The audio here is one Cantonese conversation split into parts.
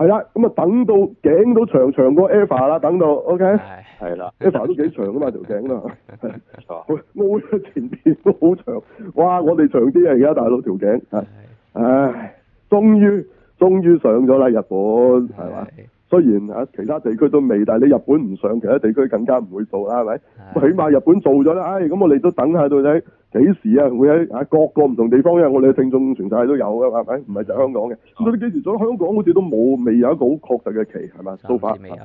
係啦，咁啊等到頸都長長過 Eva 啦，等到，OK，係啦，Eva 都幾長㗎嘛條頸啦冇咗， 前邊都好長，哇，我哋長啲啊而家大佬條頸，唉，終於終於上咗啦日本，係嘛？雖然啊，其他地區都未，但係你日本唔上，其他地區更加唔會做啦，係咪？起碼日本做咗啦，唉、哎，咁我哋都等下到底幾時啊會喺啊各個唔同地方，因為我哋嘅聽眾全世界都有嘅，係咪？唔係就香港嘅。咁佢幾時做香港好似都冇，未有一個好確實嘅期，係咪？做法未有，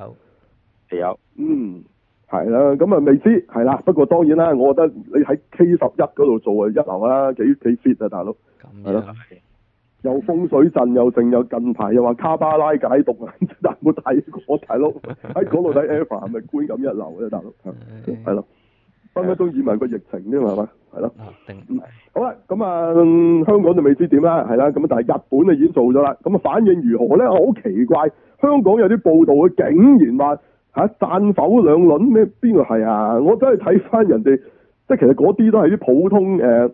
未有。嗯，係啦，咁啊，未知係啦。不過當然啦，我覺得你喺 K 十一嗰度做啊，一流啦，幾幾 fit 啊，大佬。咁樣係。有風水陣又剩，有近排又話卡巴拉解讀啊！但係冇睇過，大佬喺嗰度睇 Eva 係咪觀感一流咧？大佬係咯，分分鐘以埋個疫情啫嘛，係嘛？係咯，Nothing. 好啦，咁啊、嗯，香港就未知點啦，係啦，咁但係日本就已經做咗啦，咁反應如何咧？好奇怪，香港有啲報道佢竟然話嚇散否兩輪咩？邊個係啊？我真係睇翻人哋，即係其實嗰啲都係啲普通誒誒、呃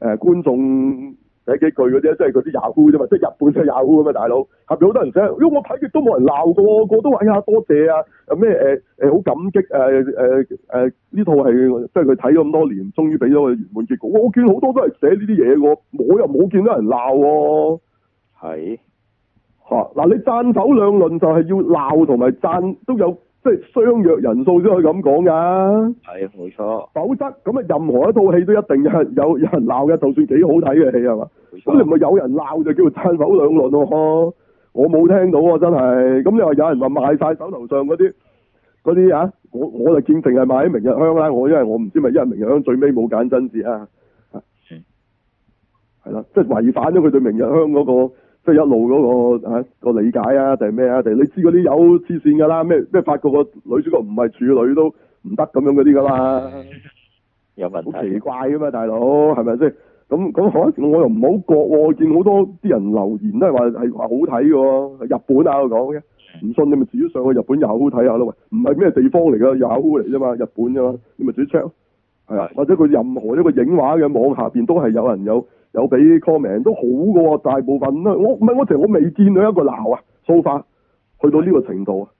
呃、觀眾。寫幾句嗰啫，即係、Yahoo，即係嗰啲 Yahoo 啫嘛，即係日本嗰啲 Yahoo 啊嘛，大佬下邊好多人寫，因、哎、為我睇極都冇人鬧，個個都話，哎呀多謝啊，咩誒好感激誒誒呢套係即係佢睇咗咁多年，終於俾咗個圓滿結果。我見好多都係寫呢啲嘢，我又冇見到人鬧喎、啊。係嗱、啊，你讚首兩輪就係要鬧同埋讚都有。即係相約人數都可以咁講噶，係冇錯。否則咁啊，任何一套戲都一定有有人鬧嘅，就算幾好睇嘅戲係嘛。咁你唔係有人鬧就叫爭否兩論喎。我冇聽到喎，真係。咁又有人話賣晒手頭上嗰啲嗰啲啊，我啊的賣的啊我，我就見淨係賣喺明日香啦？我因為我唔知咪，因為明日香最尾冇揀真嗣啊。係、嗯，係啦，即係違反咗佢對明日香嗰、嗰個。即係一路嗰、那個嚇、啊那個、理解啊，定係咩啊？定係你知嗰啲有黐線㗎啦，咩咩法國個女主角唔係處女都唔得咁樣嗰啲㗎啦。有問題、啊？好奇怪㗎嘛，大佬係咪先？咁咁我我又唔好覺喎、啊，我見好多啲人留言都係話係話好睇喎、啊，日本啊我講嘅。唔信你咪自己上去日本 Yahoo 睇下咯，喂，唔係咩地方嚟㗎 Yahoo 嚟啫嘛，日本啫嘛，你咪自己 check 咯，係啊。或者佢任何一個影畫嘅網下邊都係有人有。有俾 comment 都好嘅，大部分咧，我唔係我成日我未見到一個鬧啊，so far 去到呢個程度啊，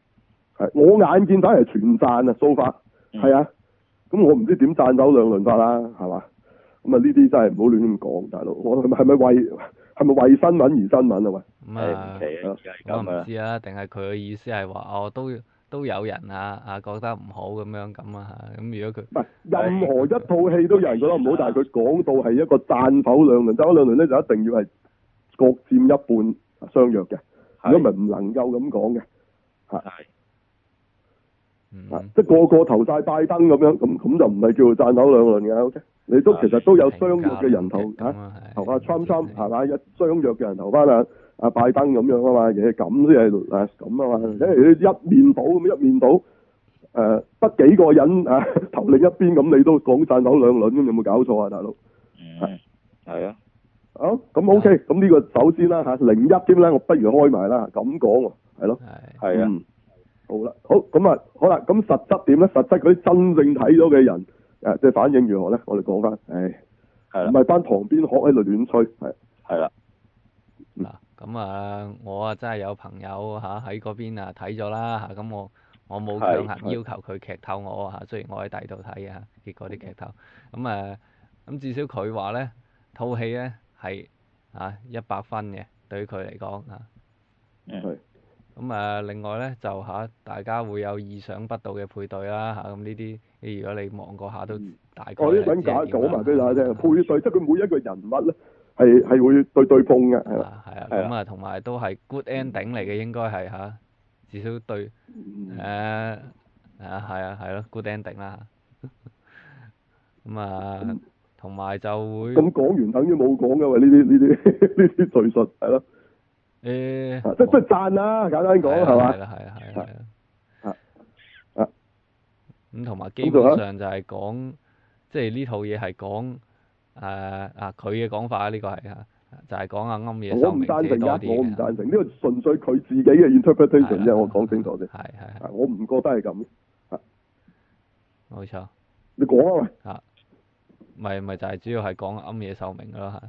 係我眼見到係全讚、so、啊，so far 係啊，咁、嗯、我唔知點讚走兩輪法啦，係嘛？咁啊呢啲真係唔好亂咁講，大佬，我係咪為係咪為新聞而新聞啊？喂，咁、嗯、啊、嗯嗯嗯，我唔知啊，定係佢嘅意思係話、哦、我都。都有人啊，啊，覺得唔好咁樣咁啊，咁如果佢任何一套戲都有人覺得唔好，係但係佢講到係一個贊否兩論，贊否兩論咧就一定要係各佔一半相約嘅，如果唔係唔能夠咁講嘅嚇。係。嚇、啊，即係個個投晒拜登咁樣，咁咁就唔係叫做贊否兩論嘅，OK？你都其實都有相約嘅人投嚇，投下川普係咪一相約嘅人投翻啊？阿、啊、拜登咁樣，樣、啊、樣啊嘛，嘢咁先係啊咁啊嘛，誒，一面倒咁一面倒，誒、呃，得幾個人啊投另一邊咁，你都講賺到兩輪咁，有冇搞錯啊，大佬？嗯，係啊，好、啊，咁 OK，咁呢、啊、個首先啦吓，零一添啦，我不如開埋啦，咁講係咯，係啊，啊、嗯、啊，好啦，好，咁啊，好啦，咁實質點咧？實質嗰啲真正睇到嘅人誒，即係反應如何咧？我哋講翻，係、哎，唔係班旁邊學喺度亂吹，係、啊，係啦、啊，嗱、嗯。咁啊，我啊真係有朋友嚇喺嗰邊啊睇咗啦嚇，咁我我冇強行要求佢劇透我啊嚇，雖然我喺第二度睇啊，結果啲劇透咁啊。咁、嗯、至少佢話咧套戲咧係嚇一百分嘅，對於佢嚟講啊。咁啊，另外咧就嚇大家會有意想不到嘅配對啦嚇，咁呢啲誒，如果你望過下都大概、嗯。我呢講埋俾大家聽，配對即係佢每一個人物咧。係係會對對碰嘅係啊係啊咁啊同埋、嗯、都係 good ending 嚟嘅，應該係吓至少，對誒、呃、啊係啊係咯、啊、good ending 啦，咁啊同埋就會咁講完等於冇講嘅喎，呢啲呢啲呢啲敘述係咯誒即即係讚啦、嗯、簡單講係嘛係啊係啊係啊，啊咁同埋基本上就係講、啊、即係呢套嘢係講。誒、呃、啊，佢嘅講法呢，這個係、就是，、啊，就係講下庵野秀明，我唔贊成我唔贊成。呢，這個是純粹佢自己嘅 interpretation 啫，我講清楚先，係係，我唔覺得係咁，冇錯，你講啊喂，啊，咪咪就係、是、主要係講庵野秀明咯，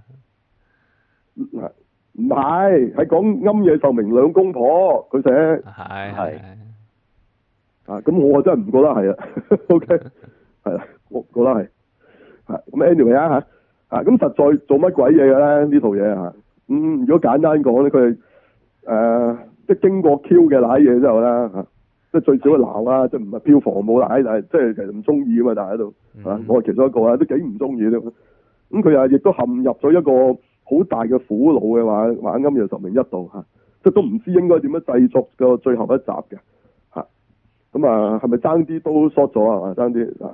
唔係，係講庵野秀明兩公婆佢寫，係係，啊，咁我真係唔覺得係啊，OK，係啦，我不覺得係，咁 anyway 啊吓。啊，咁實在做乜鬼嘢㗎咧？呢套嘢嚇，如果簡單講咧，佢誒、呃、即係經過 Q 嘅瀨嘢之後啦、啊，即係最少會鬧啦，即係唔係票房冇瀨，但係即係其實唔中意㗎嘛，但係喺度，我係其中一個啊，都幾唔中意㗎。咁佢又亦都陷入咗一個好大嘅苦惱嘅話玩今日十名一度、啊，即係都唔知應該點樣製作個最後一集嘅咁啊，係咪爭啲都縮咗啊？爭啲啊！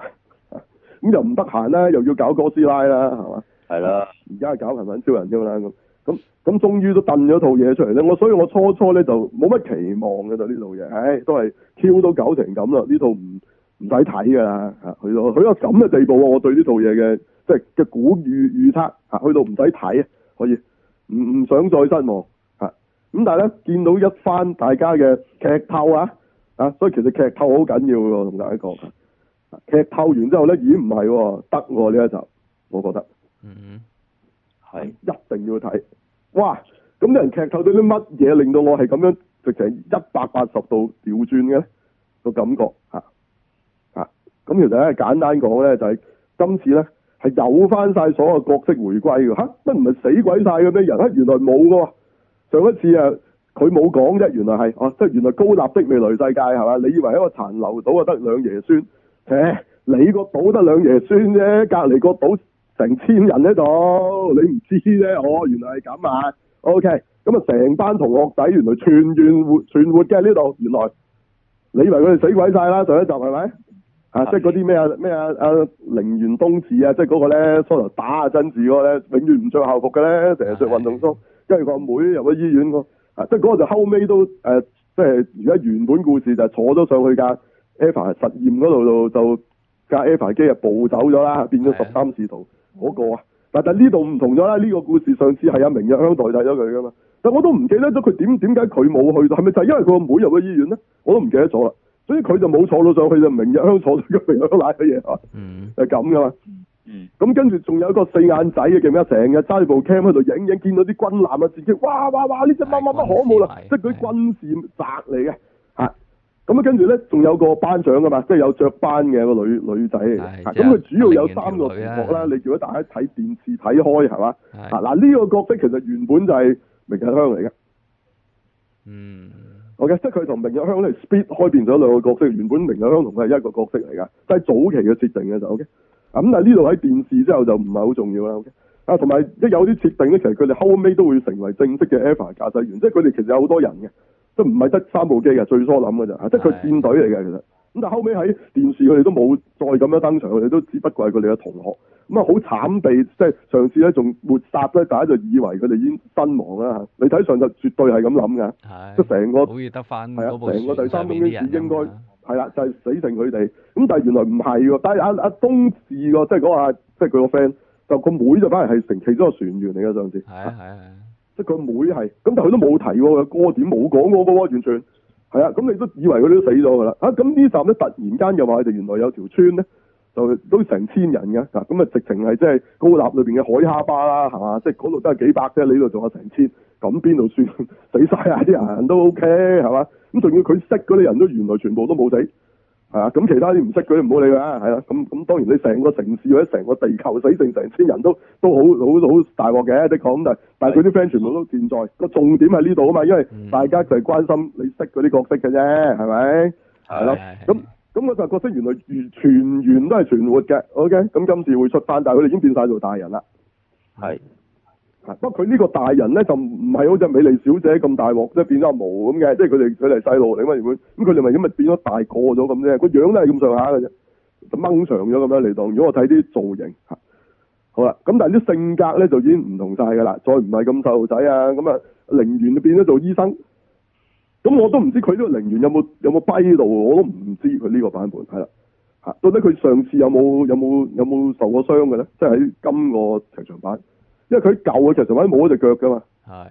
咁又唔得閒啦，又要搞哥斯拉啦，係嘛？係啦，而家係搞頻頻超人添啦。咁咁咁，終於都燉咗套嘢出嚟咧。我所以我初初咧就冇乜期望嘅，就呢套嘢，唉、哎，都係挑到搞成咁啦。呢套唔唔使睇噶啦，嚇，去到去到咁嘅地步、啊，我對呢套嘢嘅即係嘅估預預測去到唔使睇啊，可以唔唔想再失望咁、啊、但係咧，見到一番大家嘅劇透啊啊，所以其實劇透好緊要嘅、啊，同大家講。劇透完之後咧，已唔係得喎、啊、呢一集，我覺得嗯，係、mm -hmm. 一定要睇。哇！咁啲人劇透到啲乜嘢，令到我係咁樣直情一百八十度調轉嘅個感覺吓吓。咁其實咧簡單講咧，就係、是、今次咧係有翻晒所有角色回歸嘅吓，乜唔係死鬼晒嘅咩人？原來冇嘅。上一次啊，佢冇講啫，原來係哦，即、啊、係原來高立的未來世界係嘛？你以為一個殘留島啊，得兩爺孫？誒、欸，你個島得兩爺孫啫，隔籬個島成千人喺度，你唔知啫？我、哦、原來係咁啊。O K，咁啊，成班同學仔原來全員活全活嘅呢度，原來，原來你以為佢哋死鬼晒啦，上一集係咪、啊啊啊啊？啊，即係嗰啲咩啊咩啊啊，鈴原冬二啊，即係嗰個咧初頭打下真治嗰個咧，永遠唔着校服嘅咧，成日着運動裝，跟住個妹入咗醫院即係嗰個就後尾都誒，即係而家原本故事就坐咗上去噶。Alpha 實驗嗰度度就架 Alpha 機啊，暴走咗啦，變咗十三使徒嗰個啊。但但呢度唔同咗啦，呢個故事上次係阿明日香代替咗佢噶嘛。但我都唔記得咗佢點點解佢冇去到，係咪就係因為佢個妹入咗醫院咧？我都唔記得咗啦。所以佢就冇坐到上去就明日香坐咗個肥佬奶嘅嘢啊。係咁噶嘛。咁跟住仲有一個四眼仔嘅叫咩成日揸部 cam 喺度影影，見到啲軍艦啊，自己哇哇哇！呢隻乜乜乜可冇啦，即係佢啲軍事宅嚟嘅。咁啊，跟住咧，仲有一個班長啊嘛，即係有着班嘅個女女仔嚟嘅。咁佢、嗯嗯、主要有三個角色啦，啊。你叫果大家睇電視睇開，係嘛？嗱，呢、啊呢個角色其實原本就係明日香嚟嘅。嗯，OK，即係佢同明日香都 s p e e d 開變咗兩個角色，原本明日香同佢係一個角色嚟噶，即、就、係、是、早期嘅設定嘅就 OK、嗯。咁啊，呢度喺電視之後就唔係好重要啦。OK，啊，同埋一有啲設定咧，其實佢哋後尾都會成為正式嘅 EVA 駕駛員，即係佢哋其實有好多人嘅。即唔係得三部機嘅，最初諗嘅啫，即係佢戰隊嚟嘅其實。咁但係後尾喺電視佢哋都冇再咁樣登場，佢哋都只不過係佢哋嘅同學。咁啊好慘地，即係上次咧仲抹殺咧，大家就以為佢哋已經身亡啦。你睇上就絕對係咁諗㗎，即係成個好得翻，係啊，成個第三終端是應該係啦，就係、是就是、死剩佢哋。咁但係原來唔係喎，但係阿阿東志喎，即係嗰、那個即係佢個 friend，就個妹，妹就反而係成其中個船員嚟嘅上次。係係係。個妹係，咁但佢都冇提過個點，冇講嗰個完全係啊，咁你都以為佢哋都死咗噶啦，啊咁呢站咧突然間又話佢哋原來有條村咧，就都成千人嘅，咁啊直情係即係高納裏邊嘅海蝦巴啦，係嘛，即係嗰度都係幾百啫，你呢度仲有成千，咁邊度算死晒啊，啲人都 O K 係嘛，咁仲要佢識嗰啲人都原來全部都冇死。係啊，咁其他啲唔識佢都唔好理佢啊，係咯，咁咁當然你成個城市或者成個地球死剩，成千人都都好好好大鑊嘅，的確咁但但係佢啲 friend 全部都健在，個重點係呢度啊嘛，因為大家就係關心你識嗰啲角色嘅啫，係咪？係咯，咁咁我就角色原來全員都係存活嘅，OK，咁今次會出返，但係佢哋已經變晒做大人啦。係。不過佢呢個大人咧就唔係好似美麗小姐咁大鑊，即係變咗毛咁嘅，即係佢哋佢哋細路，你問完佢，咁佢哋咪咁咪變咗大個咗咁啫，個樣都係咁上下嘅啫，就掹長咗咁樣嚟當。如果我睇啲造型，好啦，咁但係啲性格咧就已經唔同晒嘅啦，再唔係咁細路仔啊，咁啊，寧願就變咗做醫生，咁我都唔知佢呢個寧願有冇有冇跛到，我都唔知佢呢個版本係啦。嚇，到底佢上次有冇有冇有冇受過傷嘅咧？即係喺今個劇場版。因為佢舊嘅，其實上位冇咗隻腳噶嘛，係，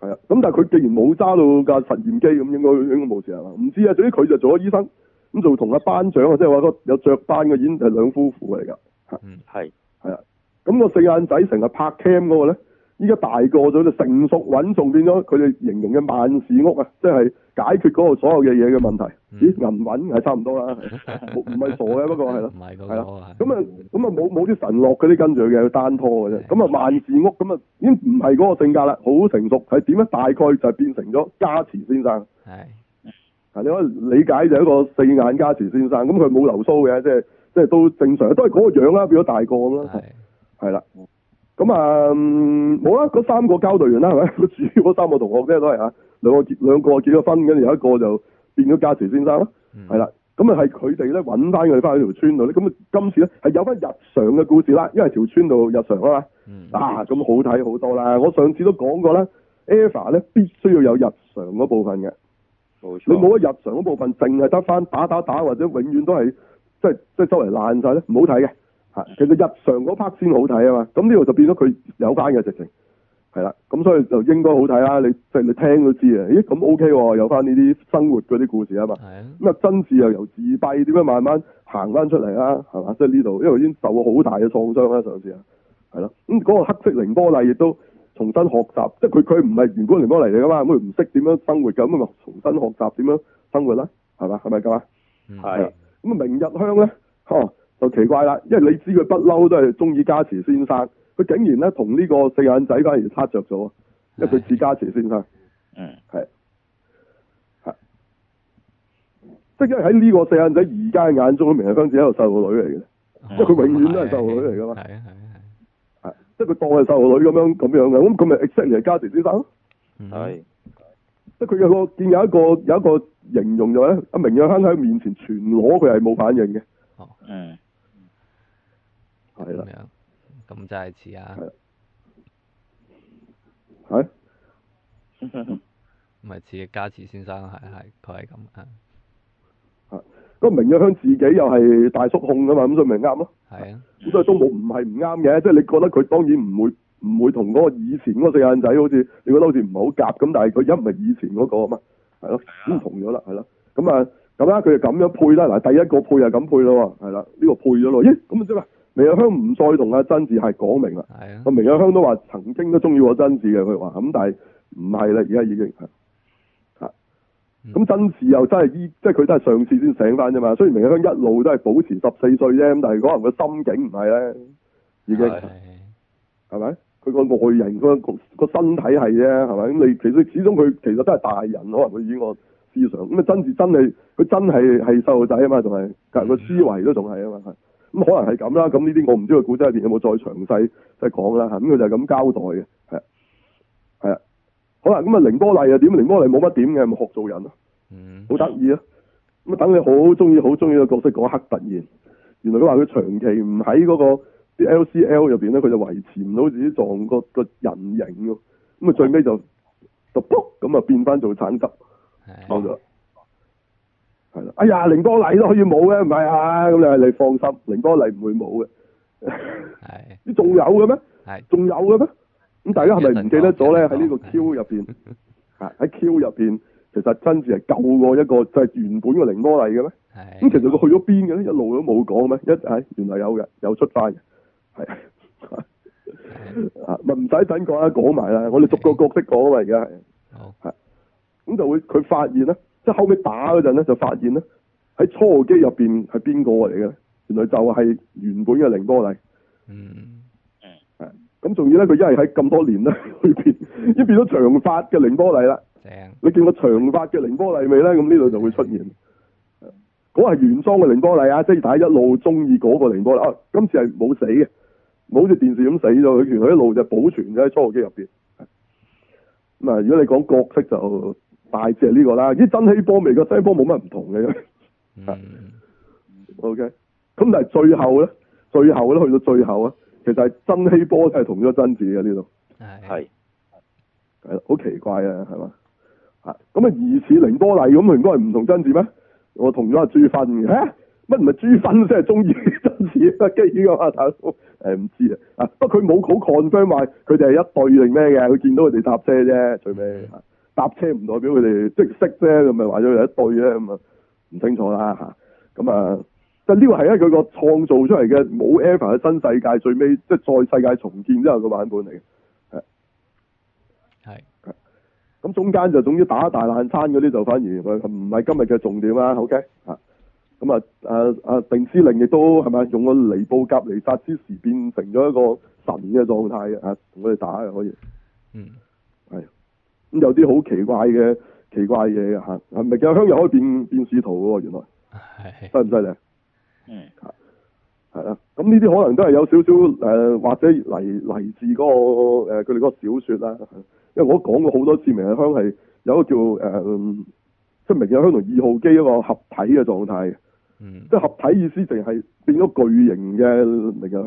係啊，咁但係佢既然冇揸到架實驗機，咁應該應該冇事係嘛？唔知啊，總之佢就做咗醫生，咁做同阿班長啊，即係話個有雀斑嘅已經係兩夫婦嚟噶，嗯，係，係啊，咁個四眼仔成日拍 cam 嗰個咧。依家大個咗，成熟穩重變咗，佢哋形容嘅萬事屋啊，即係解決嗰個所有嘅嘢嘅問題。咦，銀魂係差唔多啦，唔係傻嘅，不過係咯，係咯，咁啊，咁啊冇冇啲神樂嗰啲跟住嘅，去單拖嘅啫。咁啊萬事屋，咁啊、嗯、 已經唔係嗰個性格啦，好成熟，係點樣？大概就變成咗加持先生。係，你可以理解就係一個四眼加持先生。咁佢冇流蘇嘅，即係即係都正常，都係嗰個樣啦，變咗大個咁啦，係啦。咁啊，冇、嗯、啦，嗰三個交隊員啦，係咪？主要嗰三個同學咧都係啊，兩個結兩個結咗婚，跟住有一個就變咗加持先生啦，係、嗯、啦。咁啊，係佢哋咧搵翻佢哋翻去條村度咧。咁今次咧係有翻日常嘅故事啦，因為條村度日常啊嘛、嗯。啊，咁好睇好多啦！我上次都講過啦，Eva 咧必須要有日常嗰部分嘅，冇錯。你冇咗日常嗰部分，淨係得翻打打打或者永遠都係即係即係周圍爛晒咧，唔好睇嘅。其實日常嗰 part 先好睇啊嘛，咁呢度就變咗佢有翻嘅直情，係啦，咁所以就應該好睇啦、啊，你即係你聽都知啊，咦，咁 O K 喎，有翻呢啲生活嗰啲故事啊嘛，咁啊真嗣又由自閉，點樣慢慢行翻出嚟啦，係嘛，即係呢度，因為已經受好大嘅創傷啦，上次啊，係咯，咁、那、嗰個黑色綾波麗亦都重新學習，即係佢佢唔係原本綾波麗嚟噶嘛，咁佢唔識點樣生活，咁啊重新學習點樣生活啦，係嘛，係咪咁啊？係，咁啊明日香咧，啊就奇怪啦，因為你知佢不嬲都係中意加持先生，佢竟然咧同呢個四眼仔反而撻着咗，因為佢似加持先生，嗯，係，即係喺呢個四眼仔而家眼中，明日香只係一個細路女嚟嘅，即、嗯、為佢永遠都係細路女嚟噶嘛，係啊係啊係，即係佢當係細路女咁樣咁樣嘅，咁佢咪 exactly 加持先生？係，即係佢有個見有一個有一個形容咗、就、咧、是，阿明日香喺佢面前全裸佢係冇反應嘅，哦、嗯，嗯嗯係啦，咁就係似啊！係，係，唔係似加持先生，係係佢係咁啊。啊，咁明日香自己又係大叔控㗎嘛，咁所以咪啱咯。係啊，咁所以都冇唔係唔啱嘅，即係 你覺得佢當然唔會唔會同嗰個以前嗰四眼仔好似，你覺得好似唔係好夾咁，但係佢而家唔係以前嗰個啊嘛，係咯，咁 同咗啦，係咯，咁啊咁啦，佢就咁樣配啦。嗱，第一個配就咁配咯，係啦，呢個配咗咯，咦，咁咪啫嘛。明日香唔再同阿真嗣係講明啦。係啊。我明日香都話曾經都中意過真嗣嘅，佢話咁，但係唔係啦，而家已經係。嚇。咁真嗣又真係依，即係佢都係上次先醒翻啫嘛。雖然明日香一路都係保持十四歲啫，咁但係可能個心境唔係咧。係、嗯。已經。係咪？佢個外形，佢個身體係啫，係咪？咁你其實始終佢其實都係大人，可能佢啲個思想咁啊。真嗣真係佢真係係細路仔啊嘛，仲係個思維都仲係啊嘛，係。咁可能係咁啦，咁呢啲我唔知佢古仔入邊有冇再詳細即係講啦，吓，咁佢就係咁交代嘅。係，係啊，好啦，咁啊綾波麗又點？綾波麗冇乜點嘅，咪學做人咯，嗯，好得意啊，咁啊等你好中意好中意嘅角色嗰刻突然，原來佢話佢長期唔喺嗰個啲 LCL 入邊咧，佢就維持唔到自己撞個個人形，咁啊最尾就噗就撲咁啊變翻做橙汁，係啦，哎呀，綾波麗都可以冇嘅，唔係啊？咁你你放心，綾波麗唔會冇嘅。係，你仲有嘅咩？係，仲有嘅咩？咁大家係咪唔記得咗咧？喺呢個 Q 入邊，係喺 Q 入邊，其實真係救過一個就係、是、原本嘅綾波麗嘅咩？係，咁其實佢去咗邊嘅咧？一路都冇講咩？一係原來有嘅，有出翻嘅，係啊，咪唔使等講啦，講埋啦，我哋逐個角色講啊嘛，而家係好係，咁就會佢發現啦。即後尾打嗰陣咧，就發現咧，喺初號機入邊係邊個嚟嘅？原來就係原本嘅零波麗。嗯嗯。係咁仲要咧，佢一係喺咁多年咧，裏邊已經變咗長髮嘅零波麗啦。正。你見過長髮嘅零波麗未咧？咁呢度就會出現。嗰係原裝嘅零波麗啊！即係大家一路中意嗰個零波麗啊！今次係冇死嘅，冇好似電視咁死咗，佢原來一路就保存咗喺初號機入邊。咁啊，如果你講角色就。大隻呢、呢個啦，啲真希波未個西波冇乜唔同嘅咁，OK 咁但係最後咧，最後咧去到最後啊，其實係真希波真係同咗真子嘅呢度，係係係，好奇怪啊，係嘛，啊，咁啊疑似凌波麗咁，唔該係唔同真子咩？我同咗阿豬芬嘅乜唔係豬芬，先係中意真子。啊？基於我啊，大佬誒唔知啊，不佢冇好 confirm 埋佢哋係一對定咩嘅？佢見到佢哋搭車啫，mm -hmm. 最尾。搭車唔代表佢哋即係識啫，咁咪話咗有一對咧，咁啊唔清楚啦吓，咁、嗯、啊即係呢個係喺佢個創造出嚟嘅冇 EVA 嘅新世界，最尾即係再世界重建之後嘅版本嚟嘅，係係，咁、嗯、中間就總之打大爛餐嗰啲就反而唔係今日嘅重點啦，OK 吓、啊，咁啊啊啊碇司令亦都係咪用個尼布甲尼撒之時變成咗一個神嘅狀態啊？同佢哋打嘅可以，嗯。有啲好奇怪嘅奇怪嘢明吓，明日香又可以變變使徒喎？原來，犀唔犀利？嗯，係啦。咁呢啲可能都係有少少誒，或者嚟嚟自嗰、嗰個誒，佢哋嗰個小說啦。因為我講過好多次，明日香係有一個叫誒、呃，即係明日香同二號機一個合體嘅狀態。即係合體意思，淨係變咗巨型嘅明日香。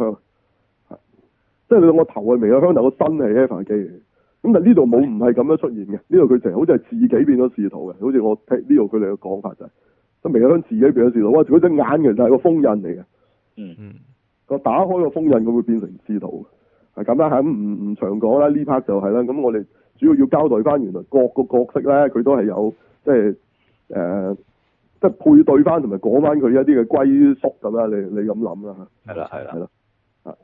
係，即係佢個頭係明日香頭，個身係 F 機。咁但呢度冇，唔係咁樣出現嘅。呢度佢成，好似係自己變咗使徒嘅。好似我聽呢度佢哋嘅講法就係、是、都未有向自己變咗使徒。哇！佢隻眼其實係個封印嚟嘅。嗯嗯。個打開個封印，佢會變成使徒。係咁啦，係咁，唔唔長講啦。呢 part 就係啦。咁我哋主要要交代翻原來各個角色咧，佢都係有即係誒，即、呃、係、就是、配對翻同埋講翻佢一啲嘅歸宿咁啊！你你咁諗啦嚇。係啦，係啦。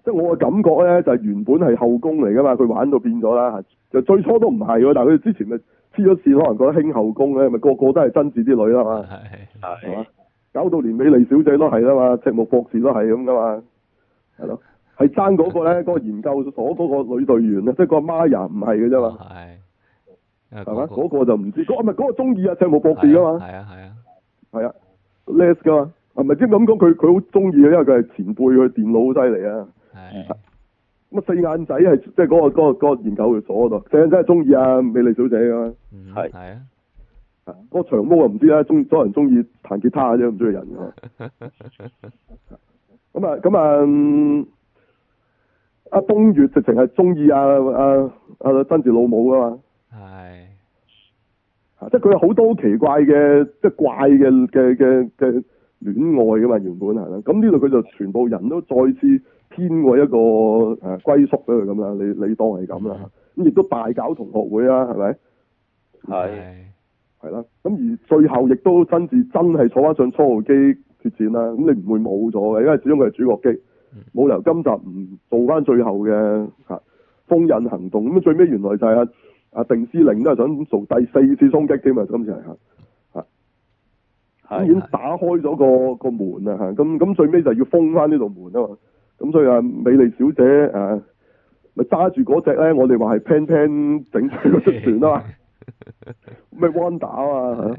即係我嘅感覺咧，就係原本係後宮嚟噶嘛，佢玩到變咗啦。就最初都唔係，但係佢之前咪黐咗線，可能覺得興後宮咧，咪個個都係爭住啲女啦嘛。係係係嘛，搞到連美麗小姐都係啦嘛，赤木博士都係咁噶嘛。係咯，係爭嗰個咧，嗰 個研究所嗰個女隊員咧，即、就、係、是、個瑪雅唔係嘅啫嘛。係係嘛，嗰個、嗰個就唔知，嗰唔係嗰個中意啊赤木博士啊嘛。係啊係啊，係啊 les 㗎嘛。唔係即係咁講，佢佢好中意嘅，因為佢係前輩，佢電腦好犀利啊。係。咁啊，四眼仔係即係嗰個嗰個嗰個研究所嗰度，四眼仔係中意啊美麗小姐噶嘛。係、嗯。係、 嗯、啊。嗰個長毛啊，唔知啊，中多人中意彈吉他嘅啫，唔中意人嘅。咁啊，咁啊，阿冬月直情係中意啊，阿阿真嗣老母噶嘛。係。即係佢有好多奇怪嘅，即係怪嘅嘅嘅嘅。戀愛噶嘛，原本係啦，咁呢度佢就全部人都再次編過一個誒歸宿俾佢咁啦，你你當係咁啦，咁亦都大搞同學會啊，係咪？係係啦，咁而最後亦都真字真係坐翻上初號機決戰啦，咁你唔會冇咗嘅，因為始終佢係主角機，冇理由今集唔做翻最後嘅封印行動，咁最尾原來就係阿、啊、碇司令都係想做第四次衝擊添嘛，今次係嚇，已經打開咗個個門啦嚇，咁咁最尾就要封翻呢度門啊嘛，咁所以啊美麗小姐咪揸住嗰隻咧，我哋話係 Pan Pan 整出嗰隻船 什麼啊嘛，咩 Wanda 啊？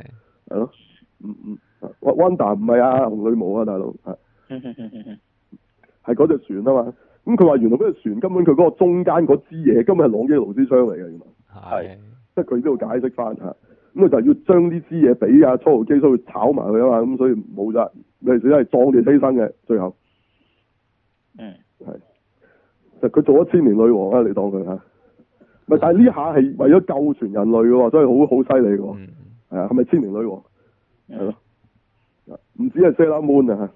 係咯，嗯嗯，Wanda 唔係啊紅、啊、女巫啊大佬係嗰隻船啊嘛，咁佢話原來嗰隻船根本佢嗰個中間嗰支嘢，根本係朗基努斯之槍嚟嘅原來，係，即係佢都要解釋翻嚇。咁啊，就要將呢支嘢俾阿初號機，所以要炒埋佢啊嘛，咁所以冇咋，你哋只係壯烈犧牲嘅，最後，嗯、mm.，係，就佢做咗千年女王啊！你當佢吓，咪但係呢下係為咗救全人類嘅，所以好好犀利嘅，係啊，係咪千年女王？係咯，唔、oh. mm. mm. 止係西拉門啊吓，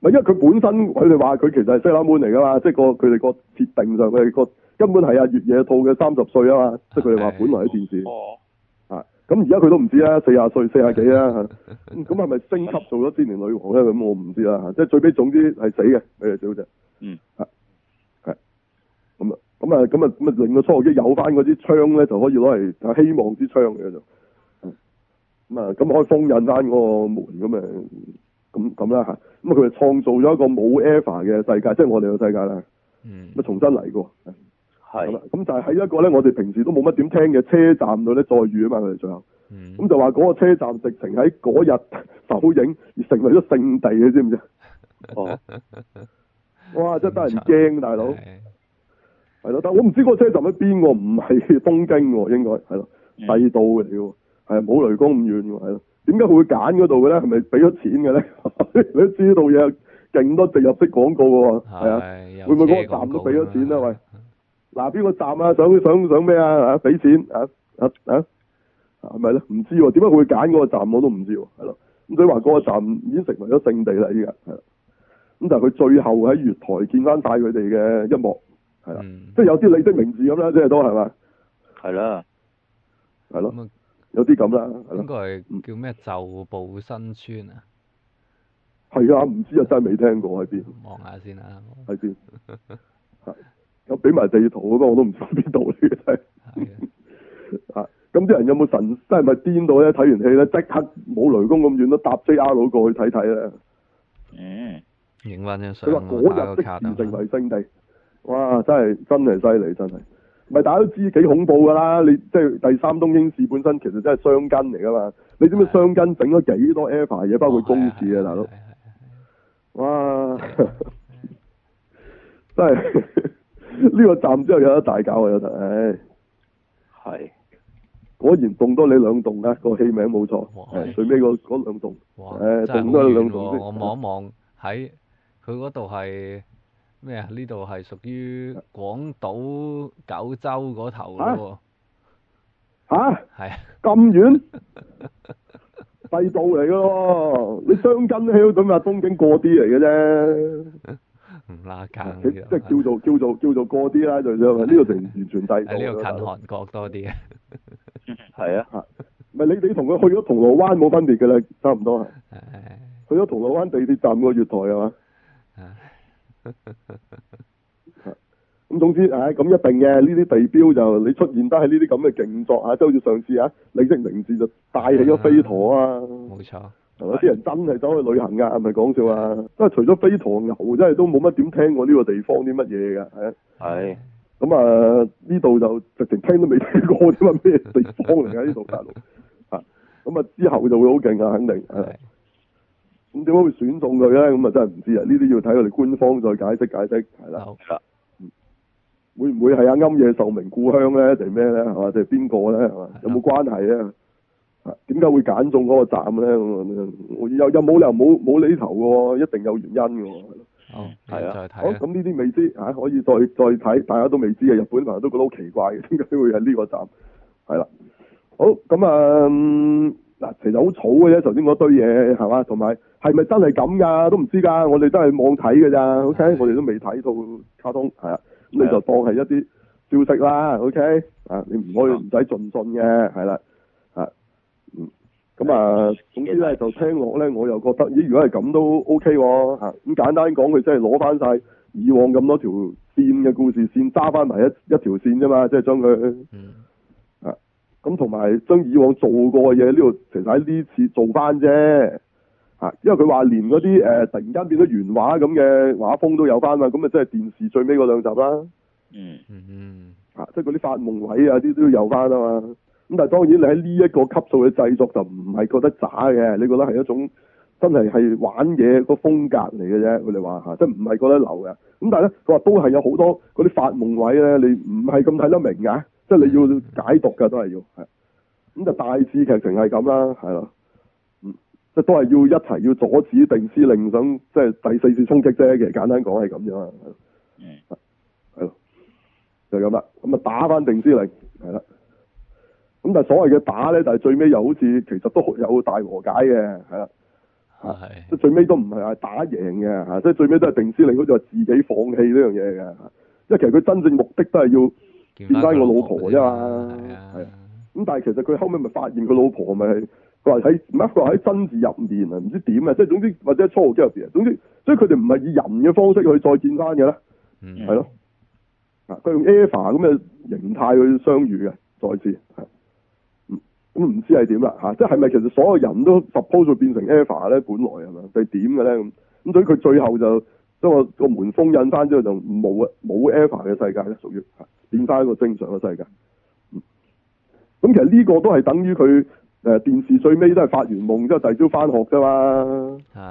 咪因為佢本身佢哋話佢其實係西拉門嚟噶嘛，即係個佢哋個設定上佢哋個根本係阿月野兔嘅三十歲啊嘛，即係佢哋話本來喺電視。Oh. 咁而家佢都唔知啦，四廿歲四廿幾啦嚇，咁係咪升級做咗千年女王咧？咁我唔知啦，即係最尾總之係死嘅，誒小姐，嗯，係， 係、嗯，咁啊，咁啊，咁啊，咁啊，令到初號機有翻嗰支槍咧，就可以攞嚟希望之槍嘅就，咁啊，咁、嗯、可以封印翻嗰個門，咁啊，咁咁啦嚇，咁啊佢就創造咗一個冇 EVA 嘅世界，即係我哋嘅世界啦，咁咪重新嚟過。係咁就喺一個咧，我哋平時都冇乜點聽嘅車站度咧再遇啊嘛佢哋最後，咁、嗯、就話嗰個車站直情喺嗰日首映而成為咗聖地嘅，知唔知？ 哦，哇，真係得人驚，大佬，係咯，但我唔知嗰個車站喺邊喎，唔係東京喎，應該係咯，地道嚟嘅，係冇雷公咁遠嘅，係咯，點解會揀嗰度嘅咧？係咪俾咗錢嘅咧？ 你都知道嘢，勁多植入式廣告嘅喎，係啊，會唔會嗰個站都俾咗錢咧？喂？嗱邊個站啊？想想想咩啊，啊？啊俾錢啊啊啊係咪咧？唔知點解會揀嗰個站，我都唔知係咯、啊。咁所以話嗰個站已經成為咗聖地啦，依家係咁但係佢最後喺月台見翻晒佢哋嘅一幕，係啦、嗯，即係有啲你的名字咁啦，即係都係嘛，係啦，係咯，有啲咁啦，應該係叫咩？就步新村啊？係、嗯、啊，唔知道真係未聽過喺邊？望下先啦、啊，睇先。 有俾埋地圖不過，我都唔知喺邊度嚟嘅。啊！咁啲人有冇神？真係咪癲到咧？睇完戲咧，即刻冇雷公咁遠都搭 J R 佬過去睇睇啦。嗯，影翻張相啊！嗰日即時成為聖地。哇！真係真係犀利，真係。唔係大家都知幾恐怖㗎啦？你即係第三東京市本身其實真係雙根嚟㗎嘛？你知唔知雙根整咗幾多 area 嘢、哦？包括公廁啊，大佬。哇！ 真係是。 呢、這個站之後有得大搞啊！有、哎、得，係果然凍多你兩凍啊！那個戲名冇錯，哎、最尾嗰兩凍，凍、哎、多你兩凍、啊。我望一望喺佢嗰度係咩啊？呢度係屬於廣島九州嗰頭嘅喎。吓係咁遠，細度嚟嘅喎。你雙筋囂咁啊，東京過啲嚟嘅啫。唔拉即係叫做叫做叫做，叫做過啲啦，就 咁 啊！呢度城完全低，呢度近韓國多啲啊，係啊，唔係你哋同佢去咗銅鑼灣冇分別噶啦，差唔多係，去咗銅鑼灣地鐵站個月台係嘛，咁 總之，唉、啊，咁一定嘅呢啲地標就你出現得喺呢啲咁嘅勁作，啊，即好似上次啊，你的名字就帶起咗飛陀啊，冇 錯。有啲人真係走去旅行噶，啊，係咪講笑啊？即係除咗飛唐牛，即係都冇乜點聽過呢個地方啲乜嘢噶，係係。咁、嗯、啊，呢度就直情聽都未聽過，點啊咩地方嚟噶呢度大佬？吓， 咁啊，啊之後就會好勁噶，肯定係。咁點解會選中佢咧？咁啊真係唔知啊，呢啲要睇我哋官方再解釋解釋，係啦。好、啊會會是。會唔會係啊？庵野秀明故鄉咧，定咩咧？係嘛？定邊個咧？係嘛？有冇關係咧？點點解會揀中嗰個站咧？我又又冇理由冇冇理頭喎，一定有原因喎。哦，係睇咁呢啲未知吓可以再再睇，大家都未知嘅。日本朋友都覺得好奇怪嘅，點解會喺呢個站？係啦，好咁啊，嗱、嗯，其實好草嘅啫，頭先嗰堆嘢係嘛，同埋係咪真係咁㗎？都唔知㗎，我哋、OK？都係網睇㗎咋。O K，我哋都未睇到卡通係啦，咁你就當係一啲消息啦。O K，啊，你唔可以唔使盡信嘅，係啦。咁、嗯、啊、嗯，總之咧、嗯、就聽落咧，我又覺得咦，如果係咁都 O K 喎嚇。咁簡單講，佢真係攞翻曬以往咁多條線嘅故事線，揸翻埋一一條線啫嘛，即、就、係、是、將佢、嗯、啊。咁同埋將以往做過嘅嘢，呢度其實喺呢次做翻啫嚇。因為佢話連嗰啲、啊、突然間變咗原畫咁嘅畫風都有翻嘛，咁啊即係電視最尾嗰兩集啦。嗯嗯嗯。啊，即係嗰啲發夢位啊，啲都有翻啊嘛。咁但係當然你喺呢一個級數嘅製作就唔係覺得渣嘅，你覺得係一種真係係玩嘢個風格嚟嘅啫。佢哋話嚇，即係唔係覺得流嘅。咁但係咧，佢話都係有好多嗰啲發夢位咧，你唔係咁睇得明嘅，即係你要解讀嘅都係要係。咁就大致劇情係咁啦，係咯，嗯，即係都係要一齊要阻止碇司令想即係第四次衝擊啫。其實簡單講係咁樣，嗯，係咯，就係咁啦。咁啊打翻碇司令，係啦。咁但係所謂嘅打咧，但係最尾又好似其實都有大和解嘅，係啦，係即、啊、最尾都唔係話打贏嘅，即、啊、係最尾都係定司令好似係自己放棄呢樣嘢嘅，因為其實佢真正目的都係要見翻個老婆啫嘛、啊，咁、啊啊、但係其實佢後尾咪發現佢老婆咪係佢話喺乜佢話喺真嗣入面啊，唔知點啊，即係總之或者初號機入邊啊，總之，所以佢哋唔係以人嘅方式去再見翻嘅啦，係、嗯、咯，啊，佢用 EVA 咁嘅形態去相遇嘅再次。咁唔知係點啦嚇，即係咪其實係係所有人都 suppose 變成 Eva 咧？本來係咪定係點嘅咧咁咁？所以佢最後就將個個門封印翻之後就冇啊冇 Eva 嘅世界咧，屬於變翻一個正常嘅世界。咁、嗯、其實呢個都係等於佢。誒，電視最尾都係發完夢之後，第二朝翻學噶嘛？係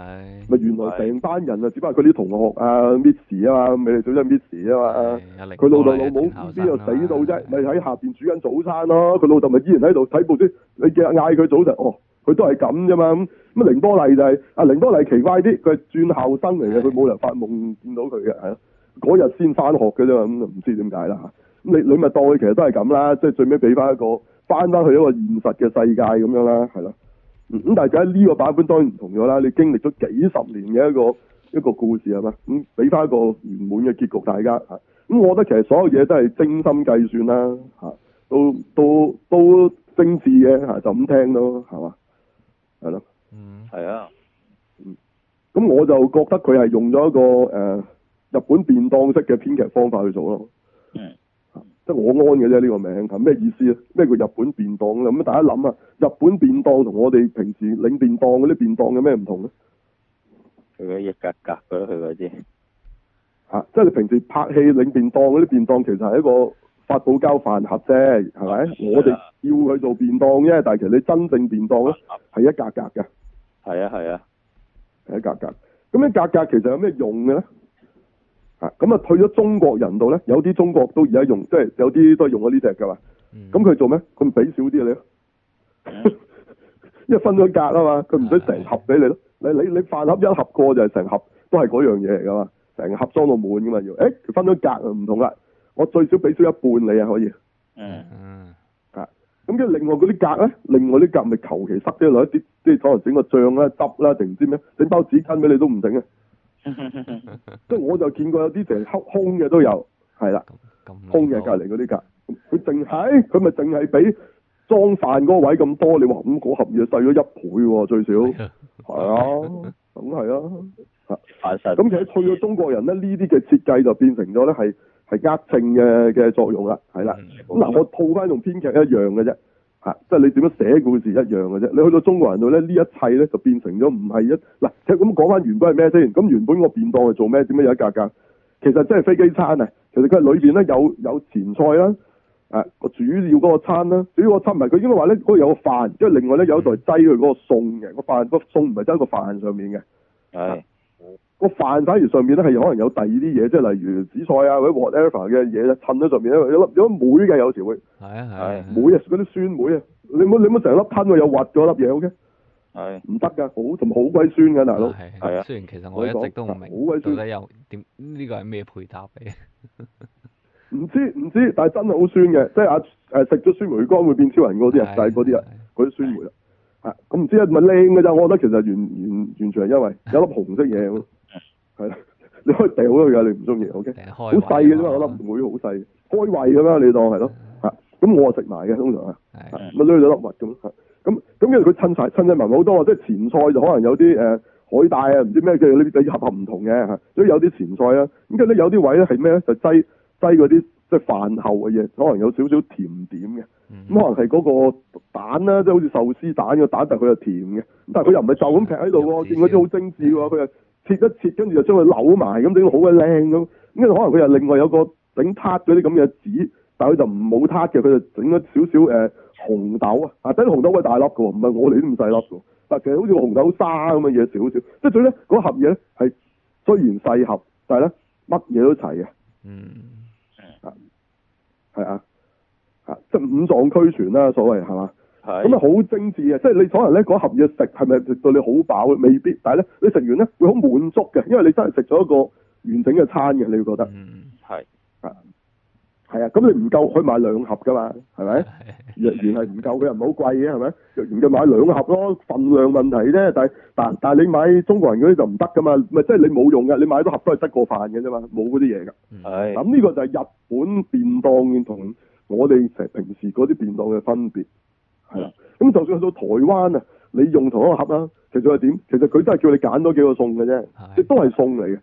咪原來成班人啊，只不過佢啲同學啊 Miss 啊嘛，咪美麗小姐 Miss 啊嘛。佢老豆老母邊度死到啫？咪喺、啊、下邊煮緊早餐咯，啊。佢老豆咪依然喺度睇部書。你叫嗌佢早晨，哦，佢都係咁啫嘛。咁、嗯、咁，凌波麗就係阿凌波麗奇怪啲，佢係轉校生嚟嘅，佢冇人發夢見到佢嘅。係嗰日先翻學嘅啫，咁、嗯、唔知點解啦吓。咁你你咪代，其實都係咁啦，即、就、係、是、最尾俾翻一個。翻翻去一個現實嘅世界咁樣啦，係咯。咁、嗯、但係呢個版本當然唔同咗啦。你經歷咗幾十年嘅一個一個故事係嘛？咁俾翻一個圓滿嘅結局，大家嚇。咁、嗯、我覺得其實所有嘢都係精心計算啦，嚇，都都都精緻嘅嚇，就咁聽咯，係嘛？係咯。嗯，係啊。嗯。咁我就覺得佢係用咗一個誒、呃、日本便當式嘅編劇方法去做咯。我安嘅啫，呢個名係咩意思啊？咩叫日本便當啊？咁大家諗啊，日本便當同我哋平時領便當嗰啲便當有咩唔同咧？佢一格格佢嗰啲，嚇，即係你平時拍戲領便當嗰啲便當，其實係一個發泡膠飯盒啫，係、啊、咪？我哋要佢做便當啫，但係其實你真正便當咧係一格格嘅。係啊係啊，係、啊、一格格。咁一格格其實有咩用嘅咧？啊咁啊退咗中國人度咧，有啲中國都而家用，即係有啲都係用咗呢隻㗎嘛。咁、嗯、佢做咩？佢唔俾少啲你囉，嗯、 因為分咗格啊嘛。佢唔使成盒俾你咯、嗯。你、嗯、你你飯盒一盒過就係成盒都，都係嗰樣嘢嚟㗎嘛。成盒裝到滿㗎嘛要。誒、欸，分咗格啊，唔同啦。我最少俾少一半你啊，可以。嗯嗯。啊，咁跟住另外嗰啲格咧，另外啲格咪求其塞啲落一啲，即係可能整個醬啦、汁啦，定唔知咩？整包紙巾俾你都唔整。啊。即 係我就見過有啲成黑空嘅都有，係啦，空嘅隔籬嗰啲架，佢淨係佢咪淨係俾裝飯嗰個位咁多，你話五嗰盒嘢細咗一倍最少。係啊，咁 係啊，咁、啊、 其實去到中國人咧，呢啲嘅設計就變成咗咧係係壓正嘅嘅作用啦，係啦，咁 嗱，我套翻同編劇一樣嘅啫。係、啊，即係你點樣寫故事一樣嘅啫。你去到中國人度咧，呢一切咧就變成咗唔係一嗱。即咁講翻原本係咩先？咁、啊、原本個便當係做咩？點樣有一格格？其實即係飛機餐啊！其實佢係裏邊咧有有前菜啦，啊主要嗰個餐啦。主要個餐唔係佢應該話咧，嗰度有個飯，即係另外咧有一台擠佢嗰個餸嘅個飯個餸唔係擠喺個飯上面嘅。啊哎個飯反而上面咧係可能有第二啲嘢，即係例如紫菜啊或者 whatever 嘅嘢咧，襯咗上面咧有粒有粒梅嘅，有時會係啊係梅啊嗰啲酸梅啊，你唔好你唔好成粒吞喎，又滑咗粒嘢 OK 係唔得㗎，好同埋好鬼酸㗎大佬係啊。雖然其實我一直都唔明，好鬼酸到底有點呢個係咩配搭嚟？唔 知唔知，但係真係好酸嘅，即係阿誒食咗酸梅乾會變超人嗰啲人，就係嗰啲人嗰啲酸梅啦。啊、嗯，咁唔知係咪靚嘅咋？我覺得其實完完完全係因為有粒紅色嘢，係啦，你可以掉咗佢㗎，你唔中意，OK，好細嘅啫，嗰粒梅唔會好細，開胃咁樣，你當係咯，嚇，咁、嗯嗯、我啊食埋嘅，通常、嗯、啊，咪攞咗粒核咁，咁咁跟住佢襯曬襯得埋好多即係前菜就可能有啲誒海帶啊，唔知咩叫呢啲合合唔同嘅嚇，所以有啲前菜啦，咁跟住咧有啲位咧係咩咧？就擠擠嗰啲。即係飯後嘅嘢，可能有少少甜點嘅，咁，嗯，可能係嗰個蛋啦，即係好似壽司蛋嘅蛋，但佢又甜嘅。但係佢又唔係就咁劈喺度喎，見嗰啲好精緻喎，佢又切一切，跟住就將佢扭埋，咁整到好鬼靚咁。咁可能佢又另外有個整撻咗啲咁嘅紙，但係佢就唔冇撻嘅，佢就整咗少少誒紅豆啊，整啲紅豆好大粒嘅喎，唔係我哋啲咁細粒嘅。但其實好似紅豆沙咁嘅嘢少少，即係所以咧嗰盒嘢咧係雖然細盒，但係咧乜嘢都齊嘅。嗯。係啊，吓即係五臟俱全啦，所謂係嘛，咁啊，好精緻啊，即係你可能咧嗰盒嘢食係咪對你好飽？未必，但係咧你食完咧會好滿足嘅，因為你真係食咗一個完整嘅餐嘅，你會覺得。嗯係啊，咁你唔夠可以買兩盒噶嘛，係咪？藥丸係唔夠嘅又唔好貴嘅，係咪？藥丸就買兩盒咯，份量問題啫。但係但但係你買中國人嗰啲就唔得噶嘛，咪即係你冇用㗎，你買多盒都係得個飯嘅啫嘛，冇嗰啲嘢㗎。係，咁，嗯，呢個就係日本便當同我哋成平時嗰啲便當嘅分別係啦。咁就算去到台灣啊，你用同一個盒啊，其實係點？其實佢都係叫你揀多幾個餸嘅啫，即係都係餸嚟嘅。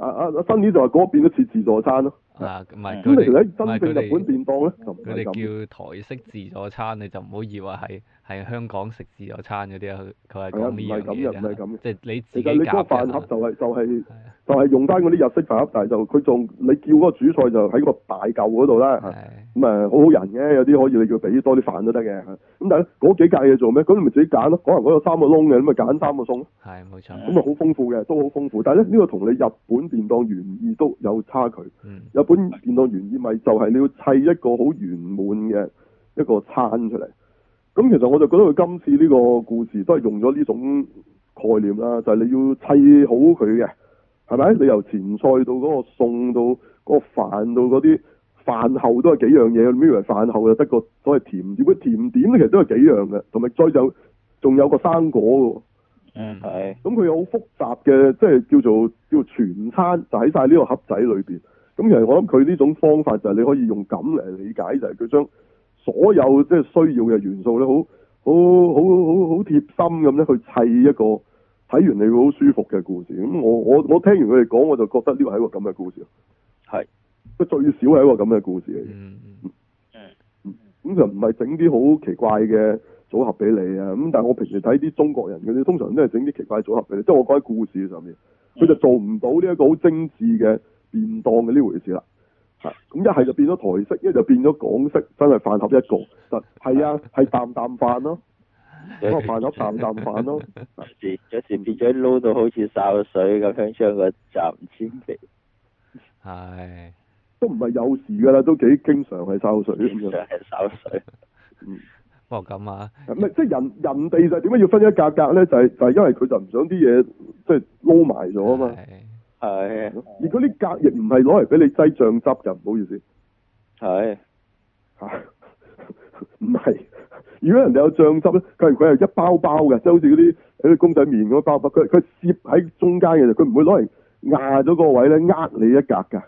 啊啊啊！新年就話嗰邊都似自助餐咯。啊，唔係佢哋而家真正日本便當咧，佢哋叫台式自助餐，你就唔好以為係係香港食自助餐嗰啲啊，佢係。係唔係咁嘅，唔係咁嘅。即係、就係、你自己嘅。其實飯盒就係、係、就係、係、就係、係、用翻嗰啲日式飯盒，但係就佢仲你叫嗰個主菜就喺個大嚿嗰度啦。咁啊，好好人嘅，有啲可以你叫俾多啲飯都得嘅。咁但係咧，嗰幾格嘢做咩？咁你咪自己揀咯。可能嗰度三個窿嘅，咁咪揀三個餸咯。係，冇錯。咁啊，好豐富嘅，都好豐富。但係咧，呢、呢個同你日本便當原意都有差距。嗯。本見到原意咪就係你要砌一個好圓滿嘅一個餐出嚟。咁其實我就覺得佢今次呢個故事都係用咗呢種概念啦，就係、是、你要砌好佢嘅，係咪？你由前菜到嗰個餸到嗰個飯到嗰啲飯後都係幾樣嘢。咪以為飯後就得個所謂甜點，甜點其實都係幾樣嘅，同埋再就仲有，有一個生果嘅。嗯，係。咁佢有好複雜嘅，即係叫做叫做全餐，就喺晒呢個盒仔裏邊。咁其實我諗佢呢種方法就係你可以用咁嚟理解，就係佢將所有即係需要嘅元素咧，好好好好好貼心咁咧去砌一個睇完你會好舒服嘅故事。咁我我我聽完佢哋講，我就覺得呢個係一個咁嘅故事。係，最少係一個咁嘅故事嚟嘅。咁就唔係整啲好奇怪嘅組合俾你啊！咁但係我平時睇啲中國人嗰啲，通常都係整啲奇怪嘅組合俾你。即係我講喺故事上面，佢就做唔到呢一個好精緻嘅。便當嘅呢回事啦，咁一係就變咗台式，一係就變咗港式，真係飯盒一個，係啊，係啖啖飯咯，個飯盒啖啖飯咯， 有時有時變咗撈到好似潲水咁，香腸個浸煎皮，係都唔係有時噶啦，都幾經常係潲水咁、 哦、樣，經常係潲水，嗯，哦咁啊，唔係即係人人哋就點解要分一格格咧？就係、是、就係、是、因為佢就唔想啲嘢即係撈埋咗啊嘛。係，如果啲格亦唔係攞嚟俾你擠醬汁就唔好意思。係，吓、啊，唔係。如果人哋有醬汁咧，佢係佢係一包包嘅，即係好似嗰啲誒公仔麵嗰包包，佢佢攝喺中間嘅，佢唔會攞嚟壓咗個位咧，壓你一格噶。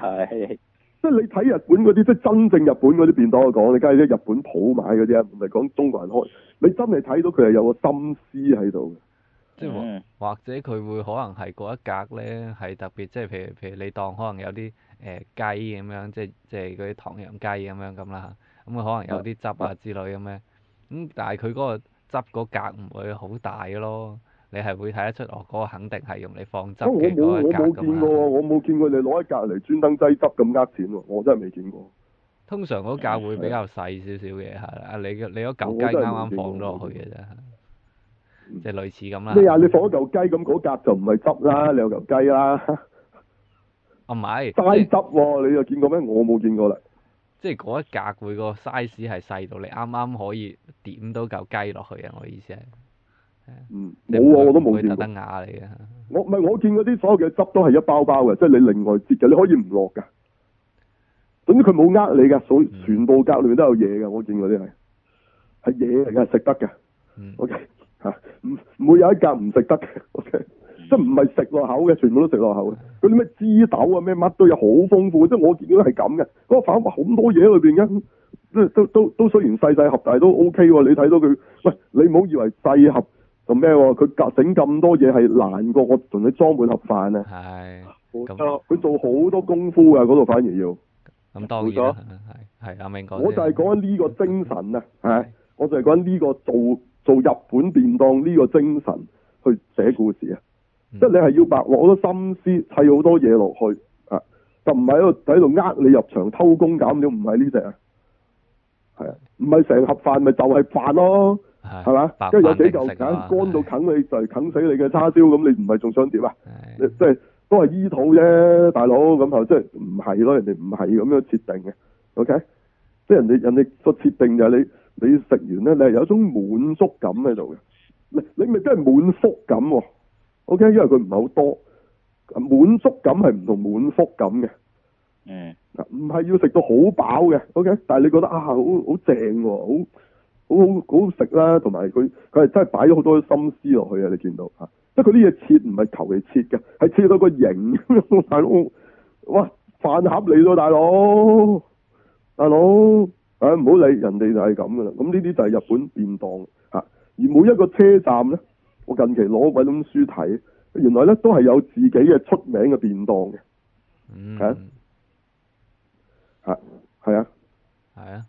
係，即係你睇日本嗰啲，即係真正日本嗰啲便當我講，我講你梗係啲日本鋪買嗰啲啊，唔係講中國人開。你真係睇到佢係有個心思喺度。即、嗯、係或者佢會可能係嗰一格咧係特別，即係譬如譬如你當可能有啲誒、呃、雞咁樣，即係即係嗰啲糖漬雞咁樣咁啦。咁、嗯、佢可能有啲汁啊之類咁咧。咁但係佢嗰個汁嗰格唔會好大咯。你係會睇得出哦，嗰、嗰個肯定係用嚟放汁嘅嗰個格咁樣。我冇我冇過我冇見過你攞一格嚟專登擠汁咁呃錢喎，我真係未見過。嗯、通常嗰格會比較細少少嘅，係啊你你嗰嚿雞啱啱放咗落去嘅啫。即、嗯、係類似咁啦。咩啊？你放一嚿雞咁嗰格就唔係汁啦， 你有嚿雞啦。啊唔係，齋汁喎，你又見過咩？我冇見過啦。即係嗰一格佢個 size 係細到你啱啱可以點到嚿雞落去啊！我意思係。嗯。冇、啊、我都冇見。得牙你嘅。我唔係我見嗰啲所有嘅汁都係一包包嘅，即係你另外擠嘅，你可以唔落㗎。總之佢冇呃你㗎，所以全部格裏面都有嘢㗎。我見嗰啲係係嘢嚟㗎，食、嗯、得㗎。O、嗯、K。Okay。吓、啊，唔唔會有一格唔食得嘅，O K，即係唔係食落口嘅，全部都食落口嘅。嗰啲咩枝豆啊，咩乜都有，好豐富。即係我見到係咁嘅。嗰個飯盒好多嘢喺裏邊嘅，都都都雖然細細盒，但係都 OK。你睇到佢，喂，你唔好以為細盒做咩，佢夾整咁多嘢係難過我同你裝滿盒飯啊。係，咁多佢做好多功夫嘅嗰度，反而要咁當然，係係阿銘哥。我就係講緊呢個精神啊，係，我就係講緊呢個做。做日本便當呢個精神去寫故事啊，即、嗯、係你係要白攞好多心思砌好多嘢落去、嗯、啊，就唔係喺度喺度呃你入場偷工減料，唔係呢隻啊，係啊，唔係成盒飯咪就係、是、飯咯，係、嗯、嘛，跟住、啊、有幾嚿嘢乾到啃你就係、是、啃死你嘅叉燒，咁你唔係仲想點啊？即係、啊啊就是、都係醫肚啫，大佬咁啊，即係唔係咯？人哋唔係咁樣設定嘅，OK，即係人哋人哋個設定的就係你。你食完咧，你係有一種滿足感喺度嘅。你你咪真係滿腹感喎、哦。OK？因為佢唔係好多，滿足感係唔同滿腹感嘅。嗯，嗱，唔係要食到好飽嘅。O K，但係你覺得啊，好好正、哦，好好好好食啦。同埋佢佢係真係擺咗好多心思落去啊！你見到吓，即係佢啲嘢切唔係求其切嘅，係切到個型。大佬，哇，飯盒嚟咗大佬，大佬。大誒，唔好理人哋就係咁噶啦，咁呢啲就係日本便當吓。而每一個車站咧，我近期攞搵咁書睇，原來咧都係有自己嘅出名嘅便當嘅吓吓係啊係啊，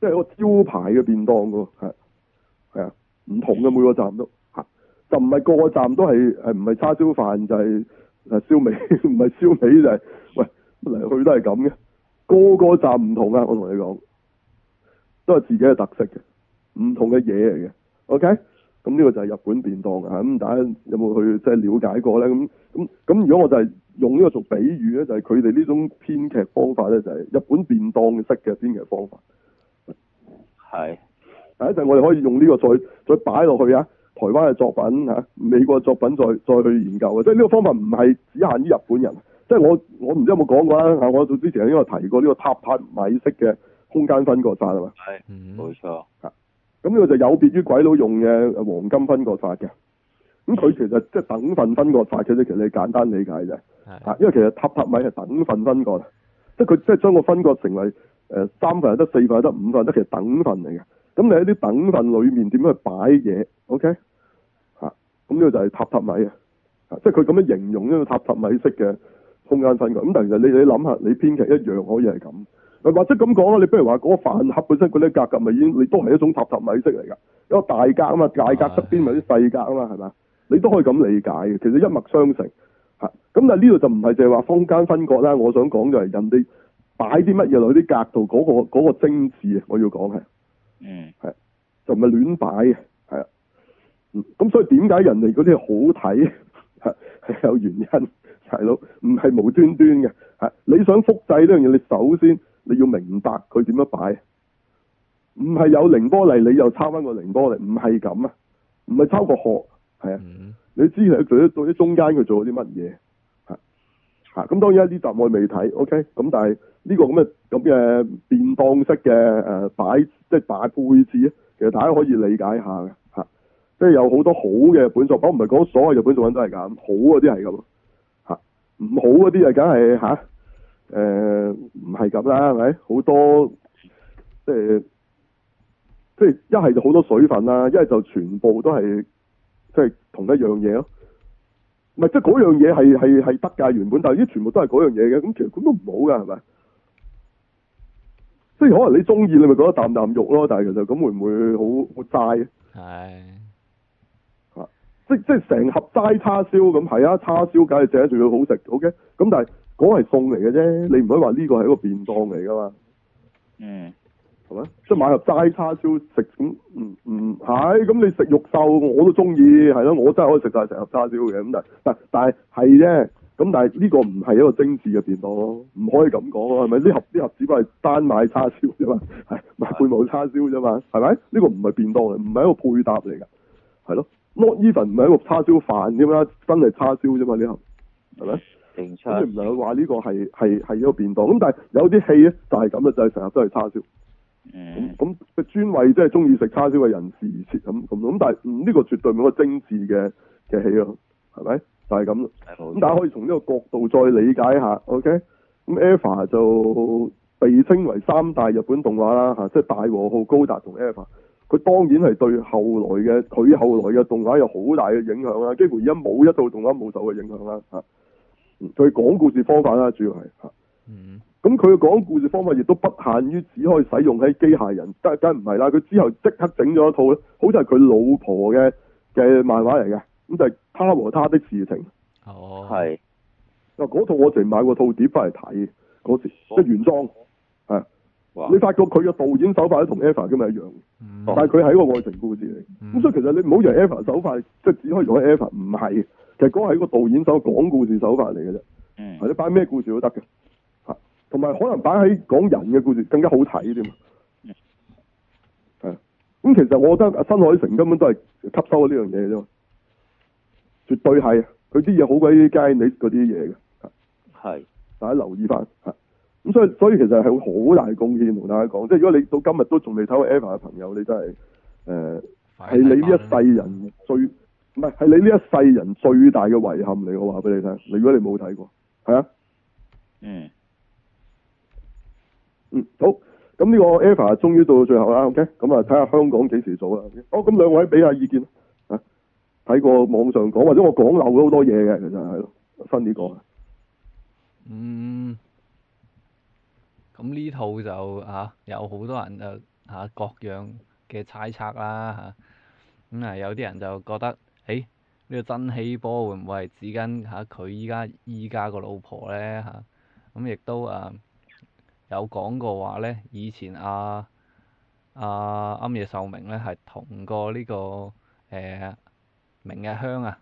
即係、啊啊就是、個招牌嘅便當噶喎，係係啊，唔同嘅每個站都吓，就唔係個個站都係係唔係叉燒飯就係燒味，唔係燒味就係、是、喂嚟去都係咁嘅，個個站唔同啊，我同你講。都係自己嘅特色嘅，唔同嘅嘢嚟嘅，OK？咁呢個就係日本便當啊！咁大家有冇去即係了解過咧？咁咁咁，如果我就係用呢個做比喻咧，就係佢哋呢種編劇方法咧，就係日本便當式嘅編劇方法。係。第一陣我哋可以用呢個再再擺落去啊，台灣嘅作品嚇，美國嘅作品再再去研究嘅，即係呢個方法唔係只限於日本人。即係我我唔知有冇講過啊？我早之前喺呢個提過呢個塔塔米式嘅。空間分割法係嘛？係，冇、嗯、錯。嚇、嗯，咁呢個就有別於鬼佬用嘅黃金分割法嘅。咁佢其實即係等份分割法，嘅啫其實你簡單理解啫。係。因為其實塔塔米係等份分割，即係佢即係將個分割成為誒、呃、三份、得四份、得五份，得其實等份嚟嘅。咁你喺啲等份裡面點樣去擺嘢？OK、啊。嚇，咁呢個就係塔塔米啊。即係佢咁樣形容呢個塔塔米式嘅空間分割。咁但係其實你你諗下，你編劇一樣可以係咁。或者咁講啦，你不如話嗰個飯盒本身嗰啲格格咪已經，你都係一種塔塔米式嚟噶，一個大格啊嘛，大格側邊咪啲細格啊嘛，係嘛？你都可以咁理解嘅，其實一脈相承嚇。咁但係呢度就唔係淨係話空間分割啦，我想講就係人哋擺啲乜嘢落啲格度嗰個嗰個精緻啊，我要講係，嗯，係就唔係亂擺嘅，係啊，咁所以點解人哋嗰啲好睇係係有原因，大佬唔係無端端嘅嚇。你想複製呢樣嘢，你首先。你要明白佢點樣擺，唔係有凌波麗你又抄翻個凌波麗，唔係咁啊，唔係抄個殼，係啊，你知佢做咗到啲中間佢做咗啲乜嘢？吓吓，咁當然呢答案未睇，OK，咁但係呢個咁嘅咁嘅便當式嘅誒擺，即係擺配置，其實大家可以理解下嘅，吓、啊，即係有好多好嘅本作，我唔係講所有嘅本作人都係噶，好嗰啲係咁，吓，唔好嗰啲啊，梗係吓。啊.誒、呃，唔係咁啦，係咪？好多即係即係一係就好、是、多水分啦，一係就全部都係即係同一樣嘢咯。唔係，即係嗰樣嘢係係係得噶原本，但係啲全部都係嗰樣嘢嘅，咁其實咁都唔好噶，係咪？即係可能你中意你咪覺得啖啖肉咯，但係其實咁會唔會好好齋？係啊，即即係成盒齋叉燒咁，係啊，叉燒梗係整住佢好食，好、okay? 嘅。咁但係。嗰係餸嚟嘅啫，你唔可以話呢個係一個便當嚟噶嘛？嗯，係咪？即係買盒齋叉燒食咁，嗯嗯，係、哎、咁你食肉獸我都中意，係咯，我真係可以食晒成盒叉燒嘅。咁但係，但係係啫。咁但係呢個唔係一個精緻嘅便當，唔可以咁講咯。係咪？呢盒呢盒只不過係單買叉燒啫嘛，係、嗯、買半盒叉燒啫嘛，係咪？呢、呢個唔係便當嚟，唔係一個配搭嚟嘅，係咯。Not even 唔係一個叉燒飯點啊？真係叉燒啫嘛？呢盒係咪？即係唔係佢話呢個係係係一個變動咁，但係有啲戲咧就係咁就係成日都係叉燒。嗯。咁、嗯、咁，專為即係中意食叉燒嘅人士而設咁咁咁，但係呢、嗯呢個絕對冇一個精緻嘅嘅戲咯，係咪？就係、是、咁。大家可以從呢個角度再理解一下，OK？咁 EVA 就被稱為三大日本動畫啦，吓，即係大和號、高達同 EVA。佢當然係對後來嘅佢後來嘅動畫有好大嘅影響啦，幾乎而家冇一部動畫冇受嘅影響啦，吓。佢講故事方法啦，主要係吓，咁佢嘅講故事方法亦都不限於只可以使用喺機械人，梗梗唔係啦。佢之後即刻整咗一套咧，好似係佢老婆嘅嘅漫畫嚟嘅，咁就係、是《他和他的事情》。哦，係，嗱嗰套我曾經買過套碟翻嚟睇，嗰時即係、就是、原裝，係、oh. 你發覺佢嘅導演手法都同 Eva 今日一樣，oh. 但係佢係一個愛情故事嚟，咁、oh. 所以其實你唔好用 Eva 手法，即係只可以用 Eva，唔係。其實講係一個導演手講故事手法嚟嘅啫，或者擺咩故事都得嘅，吓，同埋可能擺喺講人嘅故事更加好睇添。係、嗯、咁、嗯、其實我覺得新海誠根本都係吸收咗呢樣嘢啫，嘛，絕對係，佢啲嘢好鬼街 e 嗰啲嘢嘅，係，大家留意翻，吓，咁所以所以其實係好大貢獻同大家講，即係如果你到今日都仲未睇過《Eva》嘅朋友，你真係，誒、呃，係你呢一世人最。唔係，係你呢一世人最大嘅遺憾嚟，我話俾你聽。如果你冇睇過，係啊，嗯，嗯，好。咁呢個 Eva 終於到最後啦，OK，嗯。咁啊，睇下香港幾時做啦。哦，咁兩位俾下意見啊。睇過網上講或者我講漏咗好多嘢嘅，其實係咯，啊，新啲，這，講，個。嗯，咁呢套就吓有好多人誒吓各樣嘅猜測啦吓。咁啊，有啲人，啊，啊，人就覺得。誒呢、這個真希波會唔會係指緊嚇佢依家依家個老婆咧嚇？咁、啊、亦都啊有講過話咧，以前阿阿庵野秀明咧係同過呢個誒、這個呃、明日香啊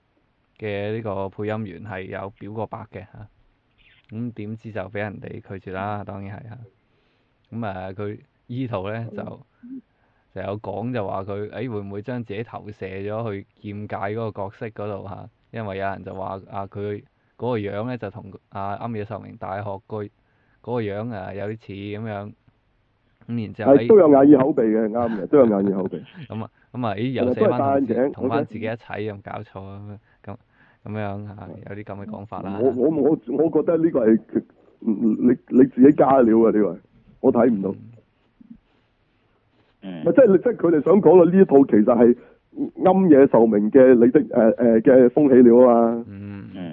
嘅呢個配音員係有表過白嘅嚇。咁、啊、點、嗯、知就俾人哋拒絕啦，當然係嚇。咁啊，佢依套咧就～就有講就話佢誒會唔會將自己投射咗去劍界嗰個角色嗰度嚇？因為有人就話啊，佢嗰個樣咧就同阿庵野秀明大學居嗰個樣啊有啲似咁樣。咁然之後。都有眼耳口鼻嘅啱嘅，都 有眼耳口鼻。咁啊咁啊，咦？又死翻同翻自己一齊咁、嗯、搞錯咁樣咁咁樣嚇，有啲咁嘅講法啦。我我我我覺得呢個係你你自己加嘅料啊！呢、呢個我睇唔到。嗯、即係即係佢哋想講咯，呢一套其實係庵野秀明嘅利、誒誒嘅風起了啊嘛。嗯嗯，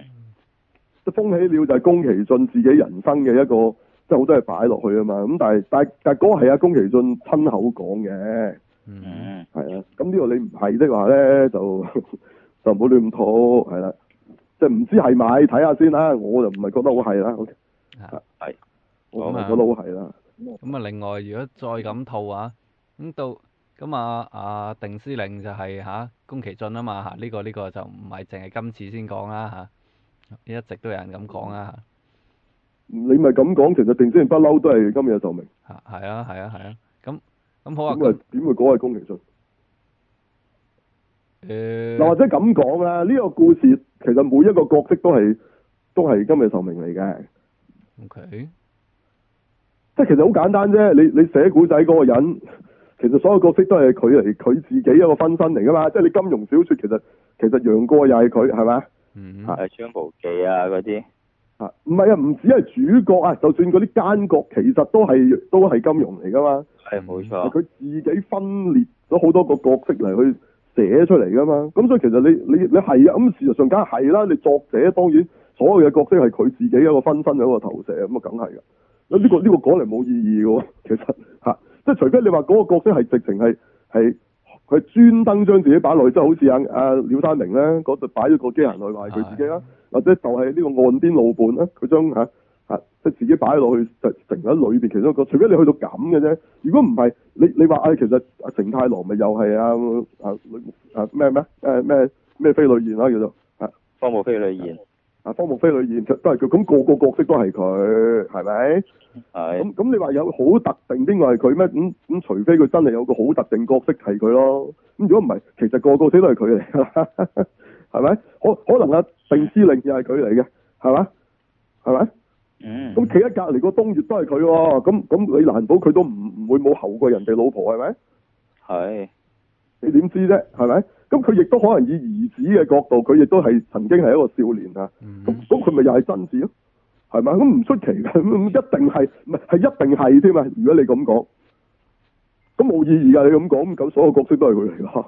即、嗯、風起了就係宮崎駿自己人生嘅一個即係好多嘢擺落去嘛、嗯、啊嘛。咁但係但係但係嗰係阿宮崎駿親口講嘅，嗯係啊。咁呢個你唔係即係話咧，就就唔好亂套係啦，即係唔知係咪睇下先啊，我就唔係覺得好係啦，係好啊，我覺得好係啦。咁啊另外如果再咁套啊咁、嗯、到咁、嗯、啊啊！碇司令就係、是、嚇、啊、宮崎駿啊嘛嚇，呢、這個呢、這個就唔係淨係今次先講啦嚇，一直都有人咁講啊。你咪咁講，其實碇司令不嬲都係庵野秀明。嚇係啊係啊係啊！咁咁好啊。點、啊啊、會講係、啊、宮崎駿？嗱、呃、或者咁講啊，呢、這個故事其實每一個角色都係都係庵野秀明嚟嘅。OK。即係其實好簡單啫，你你寫古仔嗰個人。其實所有角色都係佢嚟，佢自己一個分身嚟噶嘛。即係你金庸小說其，其實其實楊過又係佢係咪？嗯，係、啊《張無忌》啊嗰啲唔係啊，唔止係主角啊，就算嗰啲奸角，其實都係都係金庸嚟噶嘛。係冇錯，佢自己分裂咗好多個角色嚟去寫出嚟噶嘛。咁所以其實你你你係啊，咁事實上梗係啦。你作者當然所有嘅角色係佢自己一個分身，一個投射咁啊，梗係噶。呢、這個呢、這個講嚟冇意義噶，其實吓。啊即係除非你話嗰個角色係直情係係佢專登將自己擺落去，即、就、係、是、好似阿阿廖三明咧，嗰度擺咗個機器人落去係佢自己啦，或者就係呢個岸邊露伴咧，佢將吓吓即係自己擺落去就成咗裏邊其中一個。除非你去到咁嘅啫，如果唔係你你話啊，其實阿、啊、承太郎咪又係啊，阿阿咩咩誒咩咩飛呂彥啦、啊、叫做吓、啊、荒木飛呂彥。啊阿方莫菲女演，都都係佢，咁個個角色都係佢，係咪？係。咁咁你話有好特定邊個係佢咩？咁咁除非佢真係有個好特定角色係佢咯。咁如果唔係，其實個個角色都係佢嚟啦，係 咪？可可能阿、啊、碇司令又係佢嚟嘅，係咪？係咪？咁企喺隔離個冬月都係佢喎，咁咁你難保佢都唔唔會冇後過人哋老婆，係咪？係。你點知啫？係咪？咁佢亦都可能以兒子嘅角度，佢亦都係曾經係一個少年啊！咁咁佢咪又係真嗣咯？係咪？咁唔出奇嘅，咁一定係唔係係一定係添啊！如果你咁講，咁冇意義噶。你咁講咁，所有角色都係佢嚟嘅。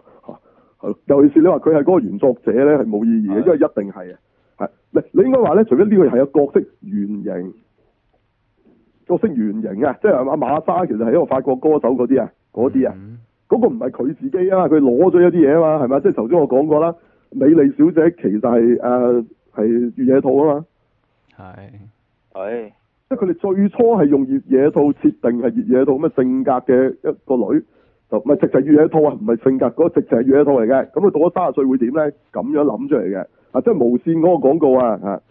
尤其是你話佢係嗰個原作者咧，係冇意義嘅，因為一定係啊，係。你應該話咧，除咗呢個係有角色原型，角色原型啊，即係阿馬莎其實係一個法國歌手嗰啲啊，啲、嗯、啊。嗰個唔係佢自己啊，佢攞咗一啲嘢啊嘛，係咪？即係頭先我講過啦，美麗小姐其實係誒係越野兔啊嘛，係、係，即係佢哋最初係用越野兔設定係越野兔咁嘅性格嘅一個女，就唔係直直越野兔啊，唔係性格嗰直直係越野兔嚟嘅，咁佢到咗三十歲會點咧？咁樣諗出嚟嘅啊，即係無線嗰個廣告啊吓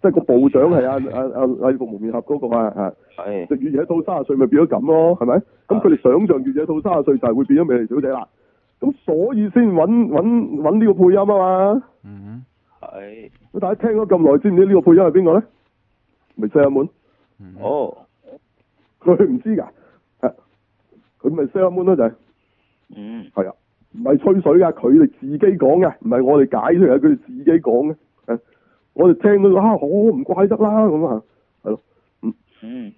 即係個部長係阿阿阿魏福蒙面俠嗰個啊，係、哎，月野一到卅歲咪變咗咁咯，係咪？咁佢哋想象月野到卅歲就係會變咗美麗小姐仔啦，咁所以先揾揾揾，呢個配音，嗯，哎知知個配音嗯，哦、啊嘛、就是，嗯，係，咁大家聽咗咁耐，知唔知呢個配音係邊個咧？咪謝阿滿，哦，佢唔知噶，吓，佢咪謝阿滿咯就係，嗯，係啊，唔係吹水噶，佢哋自己講嘅，唔係我哋解出嚟，係佢哋自己講嘅。我哋聽到個啊，好，唔怪得啦咁啊，係咯，嗯嗯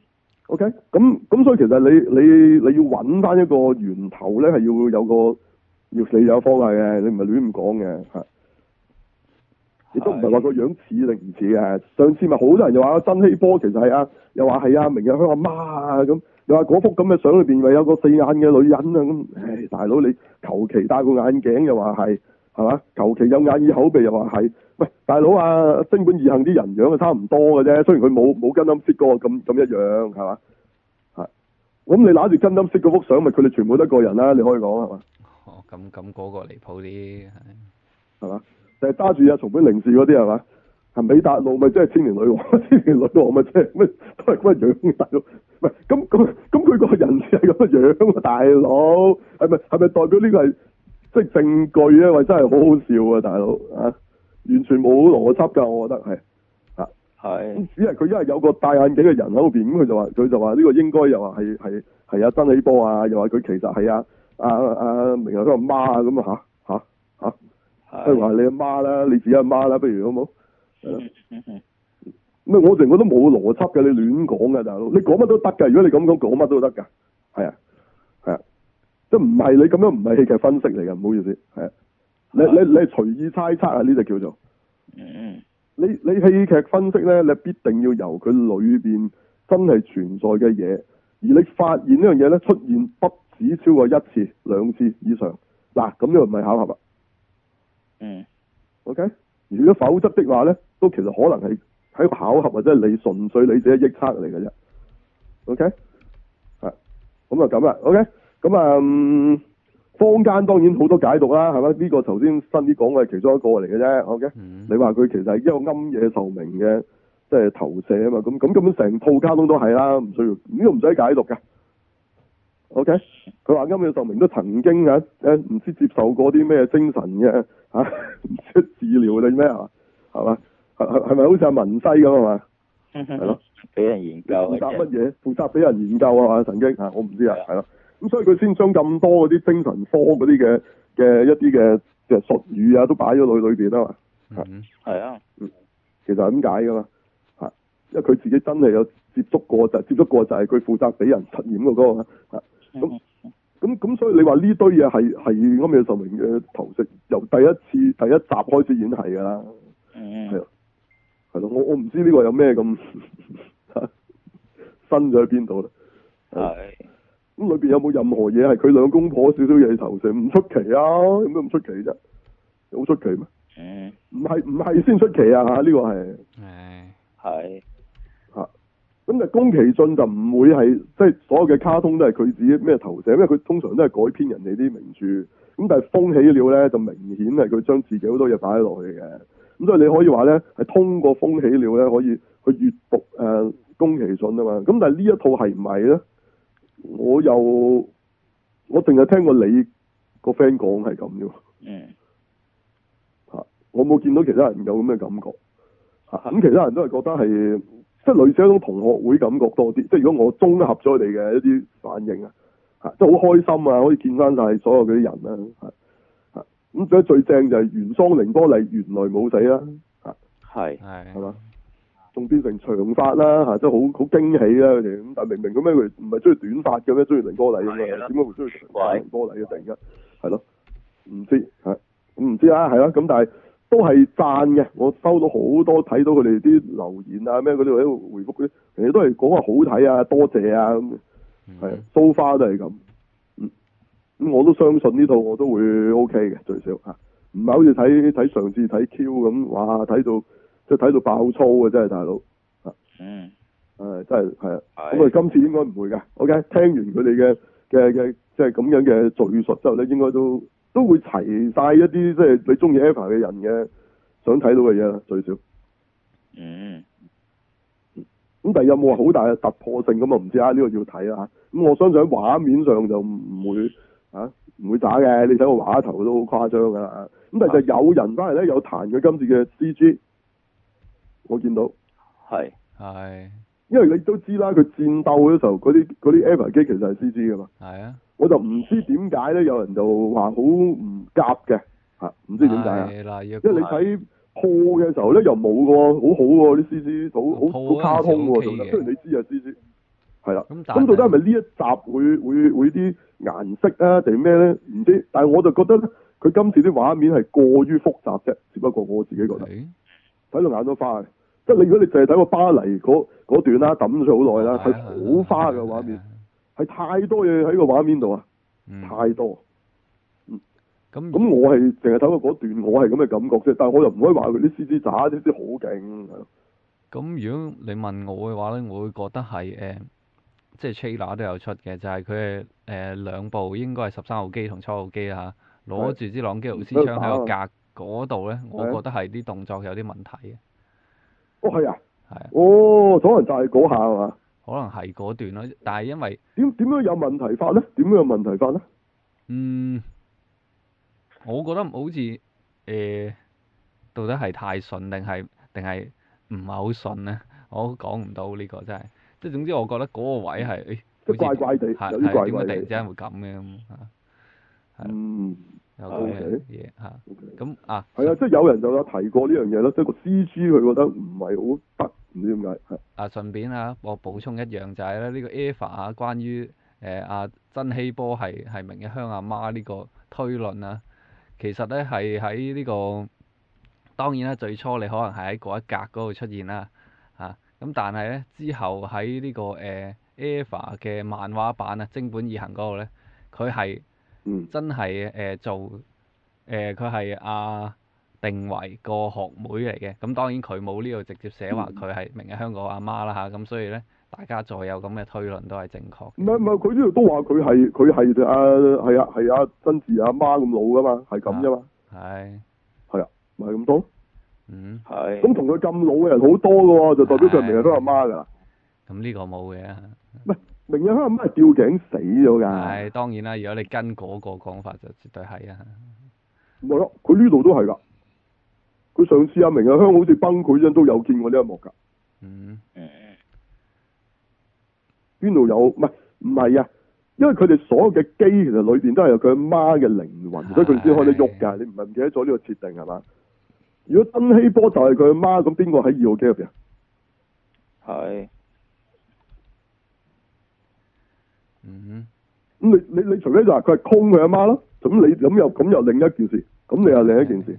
，OK，咁咁所以其實你你你要揾翻一個源頭咧，係要有個要你有個科學嘅，你唔係亂咁講嘅嚇，亦都唔係話個樣似定唔似嘅。上次咪好多人又話真希波其實係啊，又話係啊，明日香阿、啊、媽啊咁，那說那又話嗰幅咁嘅相裏邊咪有個四眼嘅女人啊咁。唉，大佬你求其戴個眼鏡又話係，係嘛？求其有眼耳口鼻又話係。喂，大佬啊，貞本義行啲人樣啊差唔多嘅啫，雖然佢冇冇跟啱識過咁咁一樣，係嘛？係，咁你攞住跟啱識嗰幅相，咪佢哋全部都一個人啦？你可以講係嘛？哦，咁咁嗰個離譜啲係，係嘛？就係揸住阿松本零士嗰啲係嘛？係咪達路咪即係千年女王？ 千年女王咪即係咩都係咁樣，大佬？係，咁咁咁佢個人係咁樣大佬？係咪係咪代表呢個係即係證據咧？喂，真係好好笑啊，大佬啊！完全冇邏輯㗎，我覺得係啊，只佢一係有個戴眼鏡嘅人喺度咁，佢就話，佢就話呢個應該又話係係係阿真希波啊，又話佢其實係阿阿阿明嗰個媽啊，咁啊嚇嚇嚇，佢、啊、話、啊、你媽啦、啊，你自己媽啦、啊，不如好冇？嗯嗯嗯， 我成個都冇邏輯嘅，你是亂講嘅大佬，你講乜都得㗎，如果你咁講，講乜都得㗎，係啊係啊，即係唔係你咁樣唔係戲劇分析嚟嘅，唔好意思，係你你你係隨意猜測啊呢就叫做。嗯，你你戲劇分析咧，你必定要由佢裏邊真係存在嘅嘢，而你發現呢樣嘢咧出現不止超過一次兩次以上，嗱咁呢個唔係巧合啊。嗯，OK，如果否則的話咧，都其實可能係喺個巧合或者係你純粹你自己臆測嚟嘅啫。OK，係、啊，咁啊咁啦。OK，咁啊。嗯坊間當然好多解讀啦，係咪？呢、這個頭先新啲講嘅其中一個嚟嘅啫。OK，、嗯、你話佢其實係一個庵野秀明嘅，即、就、係、是、投射啊嘛。咁咁根本成套交通都係啦，唔需要，呢個唔使解讀噶。OK，佢話庵野秀明都曾經啊，誒，唔知接受過啲咩精神嘅吓，治療定咩啊？係嘛？係係咪好似阿文西咁啊？係咯，俾 人研究。負責乜嘢？負 責俾人研究啊嘛？神經吓，我唔知啊，係咯。咁所以佢先將咁多嗰啲精神科嗰啲嘅嘅一啲嘅嘅術語啊，都擺咗喺裏邊啊嘛，係，啊，嗯，啊、其實係咁解噶嘛，因為佢自己真係有接觸過，就係、接觸過就係佢負責俾人出演嘅嗰個，咁咁咁，所以你話呢堆嘢係係庵野秀明嘅頭飾，由第一次第一集開始演係噶啦，嗯，係啊，係咯、啊，我我唔知呢個有咩咁 新咗喺邊度咧，咁裏邊有冇任何嘢係佢兩公婆少少嘢投射？唔出奇啊，點解唔出奇啫？好出奇咩？唔係唔係先出奇啊！吓、這個，呢個係係，吓。咁、啊、但係宮崎駿就唔會係即係所有嘅卡通都係佢自己咩投射，因為佢通常都係改編人哋啲名著。咁但係風起了咧，就明顯係佢將自己好多嘢擺落去嘅。咁所以你可以話咧，係通過風起了咧，可以去閱讀誒宮、呃、崎駿啊嘛。咁但係呢一套係唔係咧？我又我淨係聽過你個 friend 講係咁啫，嗯，吓我冇見到其他人有咁嘅感覺，吓咁其他人都係覺得係即係類似一種同學會感覺多啲，即係如果我綜合咗佢哋嘅一啲反應啊，吓即係好開心啊，可以見翻晒所有嗰啲人啦，吓咁所以最正就係原裝綾波麗原來冇死啦，係係係嘛。仲變成長髮啦嚇，真係好好驚喜啦佢哋咁，但係明明咁咩佢唔係中意短髮嘅咩？中意零波麗咁嘛？點解會中意長髮零波麗嘅突然間係咯？唔知咁唔知啦，係啦咁，但係都係讚嘅。我收到好多睇到佢哋啲留言啊咩嗰啲，喺回覆嗰啲，其實都係講話好睇啊，多謝啊咁。係蘇花都係咁。咁、嗯、我都相信呢套我都會 O K 嘅最少嚇唔係好似睇睇上次睇 Q 咁哇，睇到。即睇到爆粗嘅真係大佬嗯，哎、真係係啊，咁啊、哎、今次應該唔會㗎。o、okay? k 聽完佢哋嘅嘅嘅即係咁樣嘅敘述之後咧，應該都都會齊晒一啲即係你中意 Eva 嘅人嘅想睇到嘅嘢啦，最少。嗯。咁、嗯、但係有冇好大嘅突破性咁、這個、啊？唔知啊，呢個要睇啦。咁我相信畫面上就唔會嚇唔、啊、會打嘅，你睇個畫頭都好誇張㗎啦。咁、啊嗯、但係就有人翻嚟咧，有彈佢今次嘅 CG。我見到，係係、啊，因為你都知啦，佢戰鬥嘅時候嗰啲嗰啲 EVA 機其實係 C G 㗎嘛，係啊，我就唔知點解咧，有人就話好唔夾嘅，嚇、啊，唔知點解、啊、因為你睇破嘅時候咧、啊、又冇個好好喎啲 C G，好好好卡通喎，雖然你知係 CG、嗯、係啊 C G，係啦，咁、啊、到底係咪呢一集會會會啲顏色啊定咩咧？唔知，但係我就覺得咧，佢今次啲畫面係過於複雜啫，只不過我自己覺得睇到、啊、眼都花即如果你淨係睇過巴黎嗰段啦，抌咗好耐啦，係好、哎、花嘅畫面，係、啊、太多嘢喺個畫面度啊、嗯，太多。咁、嗯、咁、嗯嗯、我係淨係睇過嗰段，我係咁嘅感覺啫。但係我又唔可以話佢啲 CG 渣，啲啲好勁。咁如果你問我嘅話咧，我會覺得係誒、呃，即係 trailer 都有出嘅，就係佢誒誒兩部應該係十三號機同七號機啊，攞住支朗基努斯槍喺度格嗰度咧，我覺得係啲動作有啲問題嘅。哦，係啊，係、啊、哦，可能就係嗰下係嘛？可能係嗰段咯，但係因為點點樣有問題法咧？點樣有問題法咧？嗯，我覺得好似誒、呃，到底係太順定係定係唔係好順咧？我講唔到呢個真係，即係總之我覺得嗰個位係，即、欸、係、就是、怪怪地，有啲怪怪地，點解、啊、突然之間會咁嘅咁嗯。有 k 嘢嚇，O.K. 咁、okay. 啊，係啊，即係、就是、有人就有提過呢樣嘢咯，即係個 C.G. 佢覺得唔係好得，唔知點解。啊，順便啊，我補充一樣就係咧，呢個 Eva 關於、呃、啊，關於誒啊真希波係係明日香阿媽呢個推論啊，其實咧係喺呢、這個當然啦，最初你可能係喺嗰一格嗰度出現啦、啊，嚇、啊、咁但係咧之後喺呢、這個誒、呃、Eva 嘅漫畫版啊，貞本義行嗰度咧，佢係。嗯、真係誒、呃、做誒佢係阿碇唯個學妹嚟嘅，咁當然佢冇呢度直接寫話佢係明日香嘅阿媽啦嚇，咁、嗯啊、所以咧大家再有咁嘅推論都係正確。唔係唔係，佢呢度都話佢係佢係阿係啊係啊，真嗣阿媽咁老噶嘛，係咁啫嘛。係係啊，唔係咁多。嗯。係、嗯。咁同佢咁老嘅人好多㗎喎，就代表佢係明日都係阿媽㗎。咁呢個冇嘅。嗯嗯嗯嗯明日香係咪吊頸死咗噶，係當然啦。如果你跟嗰個講法就絕對係啊，唔係咯？佢呢度都係噶。佢上次阿明日香好似崩潰陣，都有見過呢一幕噶。嗯，誒，邊度有？唔係唔係啊？因為佢哋所有嘅機其實裏邊都係有佢阿媽嘅靈魂，所以佢先開得喐噶。你唔係唔記得咗呢個設定係嘛？如果登希波就係佢阿媽，咁邊個喺二號機入邊啊？係。嗯，咁你你你除非就話佢係空佢阿媽咯，咁你咁又咁又另一件事，咁你又另一件事，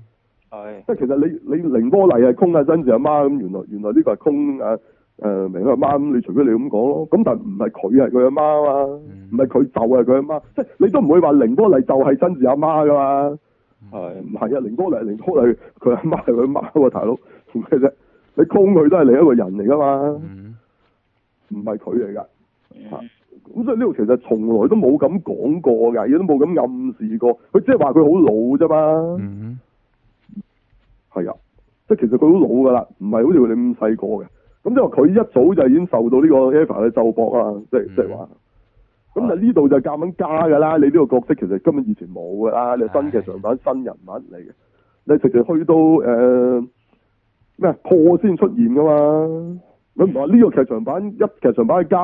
係即係其實你你凌波麗係空阿真嗣阿媽，咁原來原來呢個係空誒誒、呃、明佢阿媽，咁你除非你咁講咯，咁但係唔係佢係佢阿媽啊嘛，唔係佢就係佢阿媽，即係你都唔會話凌波麗就係真嗣阿媽噶嘛，係唔係啊？凌波麗凌波麗佢阿媽係佢阿媽喎，大佬做咩啫？你空佢都係另一個人嚟噶嘛，唔係佢嚟噶吓。Mm -hmm. 啊。咁所以呢度其實從來都冇咁講過嘅，亦都冇咁暗示過。佢即係話佢好老啫嘛。嗯，係啊，即係其實佢好老噶啦，唔係好似你咁細個嘅。咁即係話佢一早就已經受到呢個 Eva 嘅咒搏啊，mm -hmm. 即係即係話。咁但呢度就夾緊加噶啦。你呢個角色其實根本以前冇噶啦，你是新嘅劇場版新人物嚟嘅。Mm -hmm. 你直情去到誒咩、呃、破先出現噶嘛？你唔係呢個劇場版一劇場版去啊，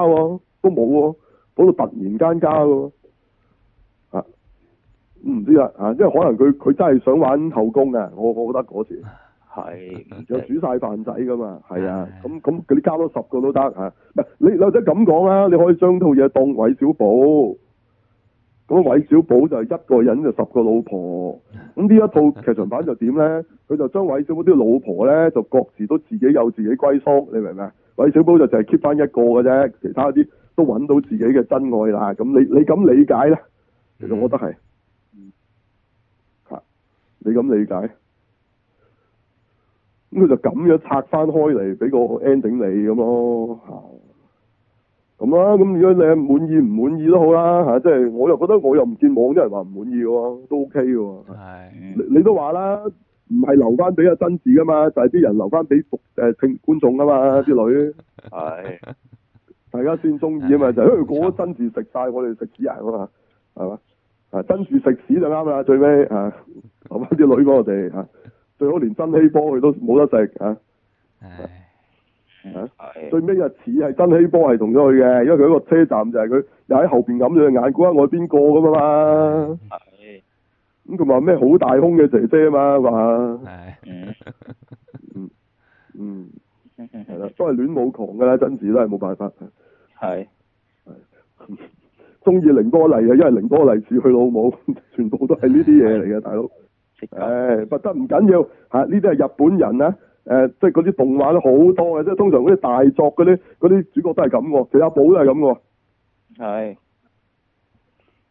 都冇。嗰度突然間加喎、嗯，啊唔知啦，啊，因為可能佢佢真係想玩後宮啊，我我覺得嗰時係、啊嗯、又煮晒飯仔噶嘛，係、嗯、啊，咁咁啲加多十個都得啊，唔、啊、係你你真咁講啦，你可以將套嘢當韋小寶，咁啊韋小寶就係一個人就十個老婆，咁呢一套劇場版就點咧？佢、嗯、就將韋小寶啲老婆咧，就各自都自己有自己歸宿，你明唔明啊？韋小寶就淨係 keep 翻一個嘅啫，其他啲。都揾到自己嘅真愛啦，咁你你咁理解啦，其實我覺得係，吓、嗯、你咁理解，咁佢就咁樣拆翻開嚟俾個 ending 你咁咯，吓咁啦，咁如果你係滿意唔滿意都好啦，吓即係我又覺得我又唔見冇啲人話唔滿意喎，都 OK 嘅喎，係你，你都話啦，唔係留翻俾阿真嗣噶嘛，就係、是、啲人留翻俾服誒聽觀眾啊嘛啲女，係 是的。 大家先中意啊嘛，就，哎，我真住食晒，我哋食屎啊嘛，係嘛，啊，真住食屎就啱啦，最尾，啊， 女我翻啲女哥地啊，最好連真希波佢都冇得食啊，啊，唉啊唉最尾日似係真希波係同咗佢嘅，因為佢喺個車站就係佢又喺後邊揞住眼，估下我係邊個噶嘛，咁佢話咩好大胸嘅姐姐啊嘛，係嗯嗯。 嗯嗯係啦，都係戀母狂噶啦，真事都係冇辦法。係係，中意凌波麗啊，因為凌波麗似佢老母，全部都係呢啲嘢嚟嘅，大佬。誒，話、哎、得唔緊要吓，呢啲係日本人啊，誒、啊，即係嗰啲動畫好多嘅，即係通常嗰啲大作嗰啲啲主角都係咁，其他阿寶都係咁嘅。係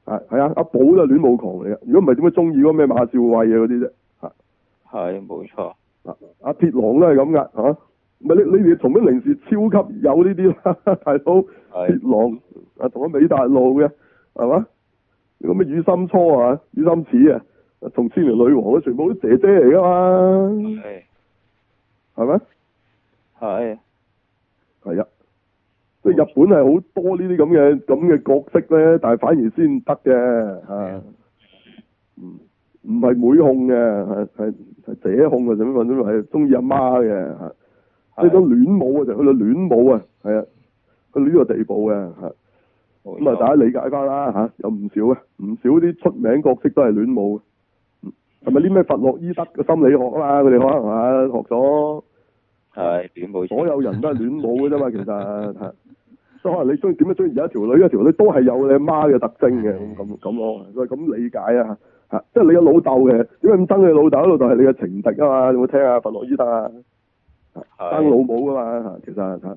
係係啊，阿寶都係戀母狂嚟嘅，如果唔係點解中意嗰咩馬少偉啊嗰啲啫？係冇錯，阿阿鐵狼都係咁噶吓。啊唔係你你哋從乜零時超級有呢啲大佬鐵狼啊，同阿美大路嘅係嘛？咁咩雨心初啊，雨心似啊，同千年女王全部都姐姐嚟噶嘛？係係咩？係係啊！Okay. 是的 即係日本係好多呢啲咁嘅咁嘅角色咧，但係反而先得嘅吓。唔唔係妹控嘅，係係姐控，或者乜乜乜，係中意阿媽嘅。即係講戀母啊，就去到戀母啊，係啊，去到呢個地步嘅，咁啊，大家理解翻啦吓，有唔少嘅，唔少啲出名角色都係戀母，係咪啲咩佛洛伊德嘅心理學啊嘛？佢哋可能啊，學咗係所有人都係戀母嘅啫嘛， 其實吓，都可能你中意點樣中意，而家條女一條女都係有你阿媽嘅特徵嘅，咁咁咁咯，就咁理解啊吓，吓，即係你嘅老豆嘅，點解咁憎你老豆？老豆係你嘅情敵啊嘛，有冇聽下？佛洛伊德啊？的生老母噶嘛吓，其實吓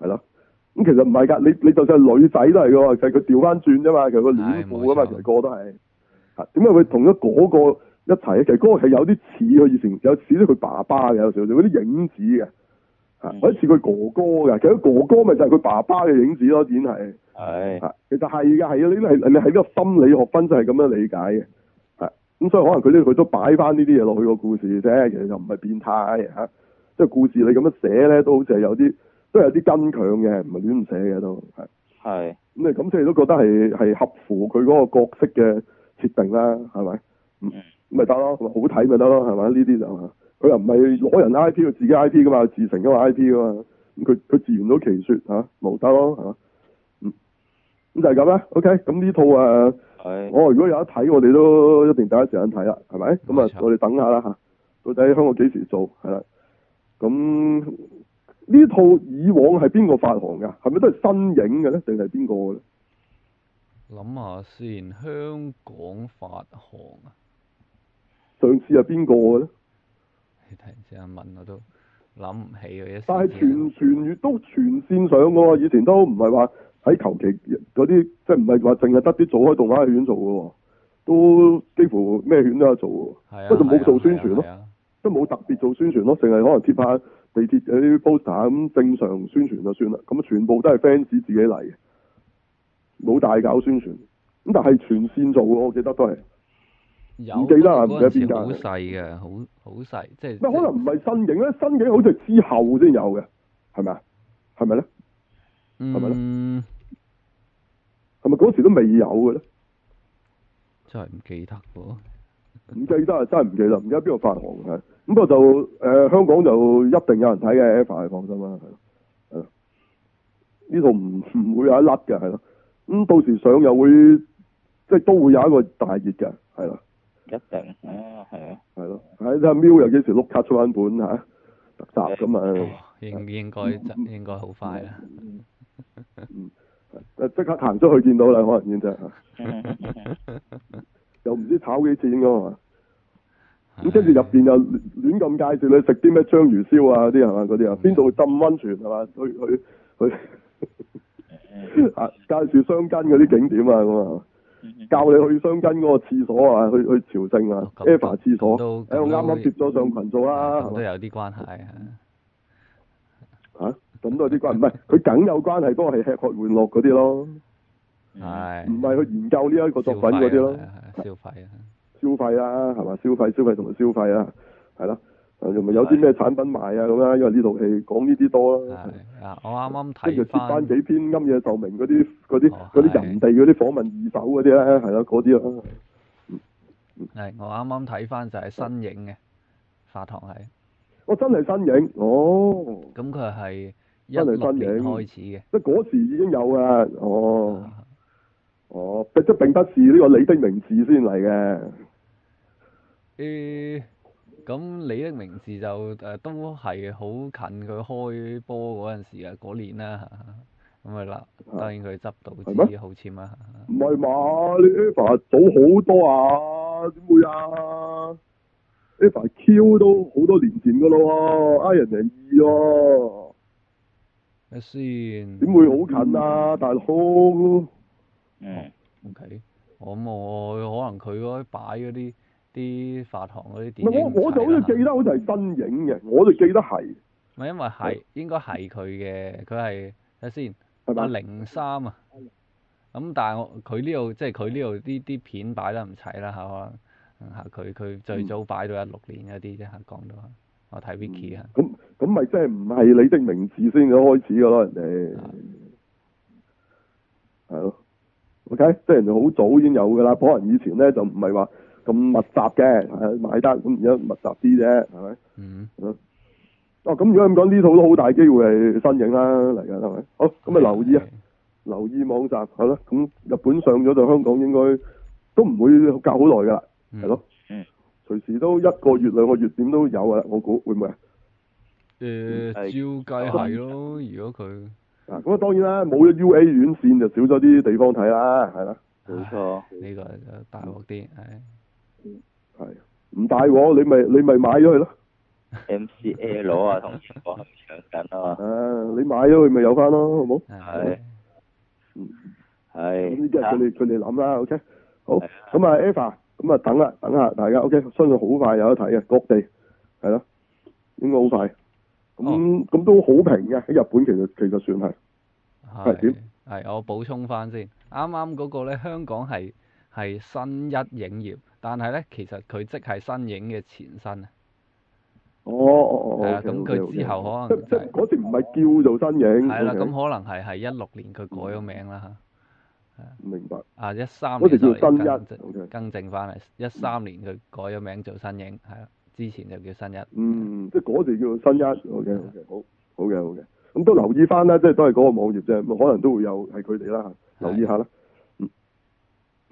係咯咁，其實唔係噶，你你就算係女仔都係噶，就係佢調翻轉啫嘛。其實個戀母啊嘛，成個都係吓。點解會同咗嗰個一齊？其實嗰、哎、個係有啲似嘅，以前有似咧佢爸爸嘅，有似就啲影子嘅有好似佢哥哥嘅。其實哥哥咪就係佢爸爸嘅影子咯，自然係係其實係噶係，呢啲係個心理學分析係咁樣理解嘅。咁，所以可能佢呢，佢都擺翻呢啲嘢，落去個故事啫。其實就唔係變態吓。即故事，你咁樣寫咧，都好似係有啲都有啲堅強嘅，唔係亂咁寫嘅都係。係咁你咁即係都覺得係係合乎佢嗰個角色嘅設定啦，係咪？嗯，咁咪得咯，好睇咪得咯，係咪？呢啲就佢又唔係攞人 I P，佢自己 I P 噶嘛，佢自成噶嘛 I P 噶嘛。咁佢佢自然都奇說吓，冇得咯吓。嗯，咁就係咁啦。OK，咁呢套誒、啊，我、哦、如果有得睇，我哋都一定第一時間睇啦，係咪？咁啊，我哋等一下啦吓、啊，到底香港幾時做係啦？是咁呢套以往係邊個發行噶？係咪都係新影嘅咧？定係邊個咧？諗下先，香港發行啊！上次係邊個咧？你突然之間問我都諗唔起喎。但係全全粵都全線上噶，以前都唔係話喺求其嗰啲，即係唔係話淨係得啲做開動畫戲院做噶，都幾乎咩院都做、啊、有做噶，不過就冇做宣傳咯。都冇特別做宣傳咯，淨係可能貼下地鐵啲、哎、poster 咁正常宣傳就算啦。咁全部都係 fans 自己嚟，嘅，冇大搞宣傳。咁但係全線做嘅，我記得都係。唔記得啊？唔、嗯、記得邊架？嗰陣時好細嘅，好好細。即係可能唔係新影咧？新影好似之後先有嘅，係咪啊？係咪咧？係咪咧？係咪嗰時都未有嘅咧？真係唔記得喎。唔記得啊！真係唔記得，唔記得邊度發行嘅。咁不過就、呃、香港就一定有人睇嘅。Eva 放心啦，係，係。呢度唔唔會有一粒嘅，係咯。咁到時上又會即都會有一個大熱嘅，係咯，一定啊，係啊。係咯，睇下 Miu 又幾時碌卡出翻本特集咁啊，應該應該好快啦。嗯 嗯嗯、即刻彈出去見到啦，可能真 又唔知炒幾錢噶嘛？咁跟住入邊又亂咁介紹你食啲咩章魚燒啊，嗰啲係嘛，嗰啲啊，邊度浸溫泉係嘛去去去啊 介紹箱根嗰啲景點啊，咁啊教你去箱根嗰個廁所啊去去朝聖啊 Eva 廁所喺、哎、我啱啱接咗上群組啦、啊，這都有啲關係嚇，咁都有啲關係，唔係佢梗有關係，不過係吃喝玩樂嗰啲咯，係唔係去研究呢一個作品嗰啲咯？消費啊，消費啊。消費啦、啊，係嘛？消費、消費同埋消費啊，係咯、啊？又咪有啲咩產品賣啊？咁啦、啊，因為呢套戲講呢啲多咯、啊。啊，我啱啱睇翻幾篇《金夜受明》嗰啲、嗰啲、啊、啲人哋嗰啲訪問二手嗰啲咧，係咯、啊，嗰啲咯。係、啊、我啱啱睇翻就係新影嘅，法堂係。哦，真係新影哦。咁佢係一六年開始嘅。即嗰時已經有啦。哦。哦，即即、啊哦、並不是呢、這個你的名字先嚟嘅。咁你的名字就誒、呃、都係好近佢開波嗰陣時啊，嗰年啦吓，咁啊啦，當然佢執到好簽啊。唔係嘛，你 Eva 早好多啊，點會啊？Eva Q 都好多年前噶咯，Iron Man 二啊。睇先、啊。點會好近啊？大佬，嗯。O K，咁我可能佢嗰啲擺嗰啲。啲法堂嗰啲電影我，我就好似就記得好似係新影嘅，我就記得係。唔係因為係、嗯、應該係佢嘅，佢係睇先，然阿零三啊。咁但係我佢呢度即係佢呢度啲啲片擺得唔齊啦嚇，嚇佢佢最早擺到一六年嗰啲啫，講、嗯、到我睇 Vicky 啊、嗯。咁咁咪即係唔係你的名字先開始嘅咯？人哋係咯，OK，即係人哋好早已經有嘅啦。可能以前咧就唔係話。咁密集嘅，係買得咁而家密集啲啫，係咪？嗯。哦、啊，咁如果咁講呢套都好大機會係新影啦嚟噶，係咪？好，咁啊留意啊，留意網集係咯。咁日本上咗就香港應該都唔會隔好耐噶啦，係咯。嗯。隨、嗯、時都一個月兩個月點都有噶啦，我估會唔會啊？誒、嗯嗯，照計係咯，如果佢。啊，咁啊，當然啦，冇咗 U A 院線就少咗啲地方睇啦，係啦。冇錯，呢、這個大鑊啲，係、嗯。係唔帶我，你咪你咪買咗佢咯。MCL 啊，同韓國搶啊你買咗佢咪有翻咯，好唔好？係。嗯，係。咁呢啲佢哋佢哋諗啦，O K。Okay? 好，咁啊 e v a 咁啊等啊等下，大家 O、okay? K，相信好快有得睇啊，各地係咯，應該好快。咁咁、哦、都好平嘅，喺日本其實其實算係。係點？係我補充翻先，啱啱嗰個咧，香港係係新一影業。但係咧，其實佢即係新影嘅前身啊。哦哦哦。係啊，咁佢之後可能、就是、即即嗰時唔係叫做新影。係啦，咁、okay. 可能係係一六年佢改咗名啦吓。明白。啊，一三年就嚟，更正，更正翻啦。一三年佢改咗名做新影，係咯，之前就叫新一。嗯，即嗰時叫新一。好嘅，好嘅，好，好嘅，好嘅。咁都留意翻啦，即、就是、都係嗰個網頁啫。可能都會有係佢哋啦，留意下啦。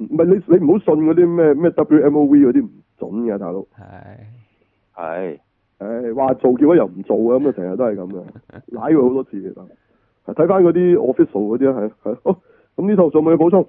唔係你你唔好信嗰啲咩咩 W M O V 嗰啲唔準嘅大佬，係係誒話做結果又唔做啊咁，啊成日都係咁嘅，瀨佢好多次啊。睇翻嗰啲 official 嗰啲啊，係係好咁呢套仲咪要補充？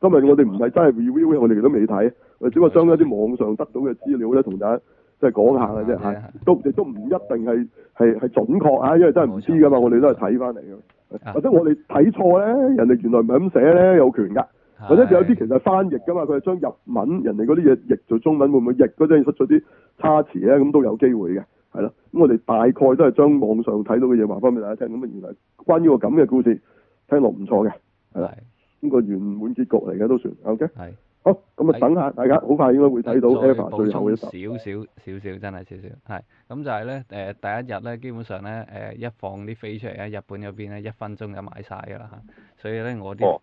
今日我哋唔係真係 review，我哋亦都未睇，只不過將一啲網上得到嘅資料咧同大家即係講下嘅啫吓，都亦都唔一定係係係準確啊，因為真係唔知噶嘛，我哋都係睇翻嚟嘅，或、啊、者、就是、我哋睇錯咧，人哋原來唔係咁寫咧，有權噶。或者有啲其實係翻譯噶嘛，佢係將日文人哋嗰啲嘢譯做中文，會唔會譯嗰陣出咗啲差詞咧？咁都有機會嘅，係咯。咁我哋大概都係將網上睇到嘅嘢話翻俾大家聽。咁啊，原來關於個咁嘅故事，聽落唔錯嘅，係啦。咁、呢個完滿結局嚟嘅都算。O K，係好咁啊，等一下大家好快應該會睇到最後。再補充少少少少，真係少少。係咁就係咧，誒、呃、第一日咧，基本上咧，誒、呃、一放啲飛出嚟咧，日本嗰邊咧一分鐘就買晒㗎啦。所以咧，我啲、哦。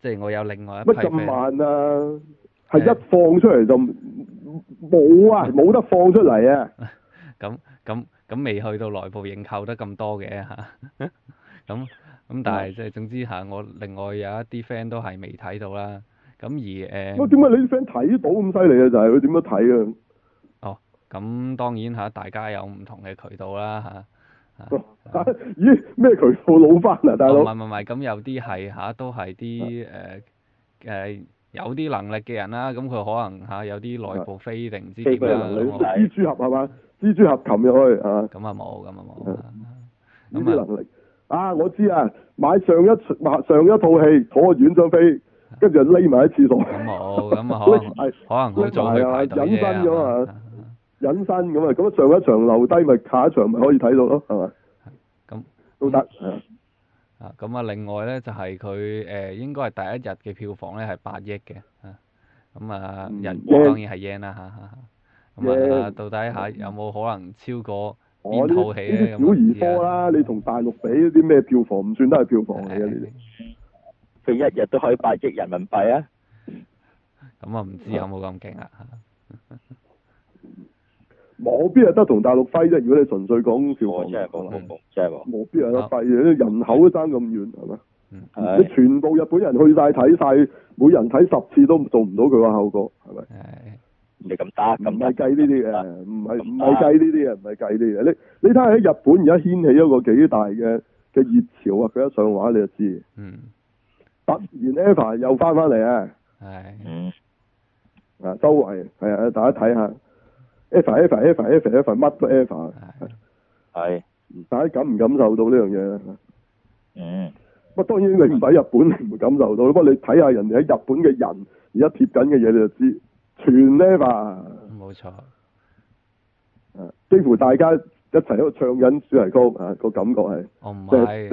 即係我有另外一批咩？乜咁慢啊？係一放出嚟就冇啊，冇 得放出嚟啊！咁咁咁未去到內部認購得咁多嘅嚇。咁咁但係即係總之嚇，我另外有一啲 friend 都係未睇到啦。咁而誒，我點解你啲 friend 睇到咁犀利啊？就係佢點樣睇啊？哦，咁當然嚇，大家有唔同嘅渠道啦嚇。啊 咦？咩渠道我老翻啊，大佬？唔係唔係咁有啲係嚇，都係啲誒誒有啲能力嘅人啦、啊。咁佢可能嚇、啊、有啲內部飛定之類啦、啊。蜘蛛俠係嘛？蜘蛛俠擒入去嚇。咁啊冇，咁啊冇。咁啊能力啊！我知啊，買上一上上一套戲坐我軟張飛，跟住就匿埋喺廁所。咁、啊、好，咁啊好、啊， 可能我仲去排隊嘅、啊。 隱身咁啊，咁上一場留低咪，下一場咪可以睇到咯，係嘛？咁都得啊。咁啊、嗯嗯，另外咧就係佢誒，應該係第一日嘅票房咧係八億嘅啊。咁啊，人當然係贏啦，咁啊、嗯，到底下有冇可能超過戲呢套戲咧？咁、哦，小兒科啦、啊啊啊，你同大陸比啲咩票房，唔、嗯、算得係票房嚟啊，呢啲。即一日都可以八億人民幣啊？咁、嗯、啊，唔知有冇咁勁啊？冇必係得同大陸飛啫，如果你純粹講票房，冇真係冇，冇真係冇，冇邊有得飛嘅，人口都爭咁遠，係咪？你全部日本人去晒睇晒，每人睇十次都做唔到佢個效果，係咪？係。唔係咁得，唔係計呢啲嘢？唔係唔係計呢啲嘢，唔係計呢啲嘢。你你睇下喺日本而家掀起一個幾大嘅嘅熱潮啊！佢一上畫你就知。嗯。突然，Eva 又翻翻嚟啊！係。嗯。啊，周圍係啊，大家睇下。e f e r e v e r e v e r 乜都 ever，係，大家感唔感受到呢樣嘢咧？嗯，我當然你唔喺日本，嗯、你唔會感受到。不過你睇下人哋喺日本嘅人而家貼緊嘅嘢，你就知，全 ever。冇錯，啊，幾乎大家一齊喺度唱緊主題曲啊，那個感覺係。我唔係。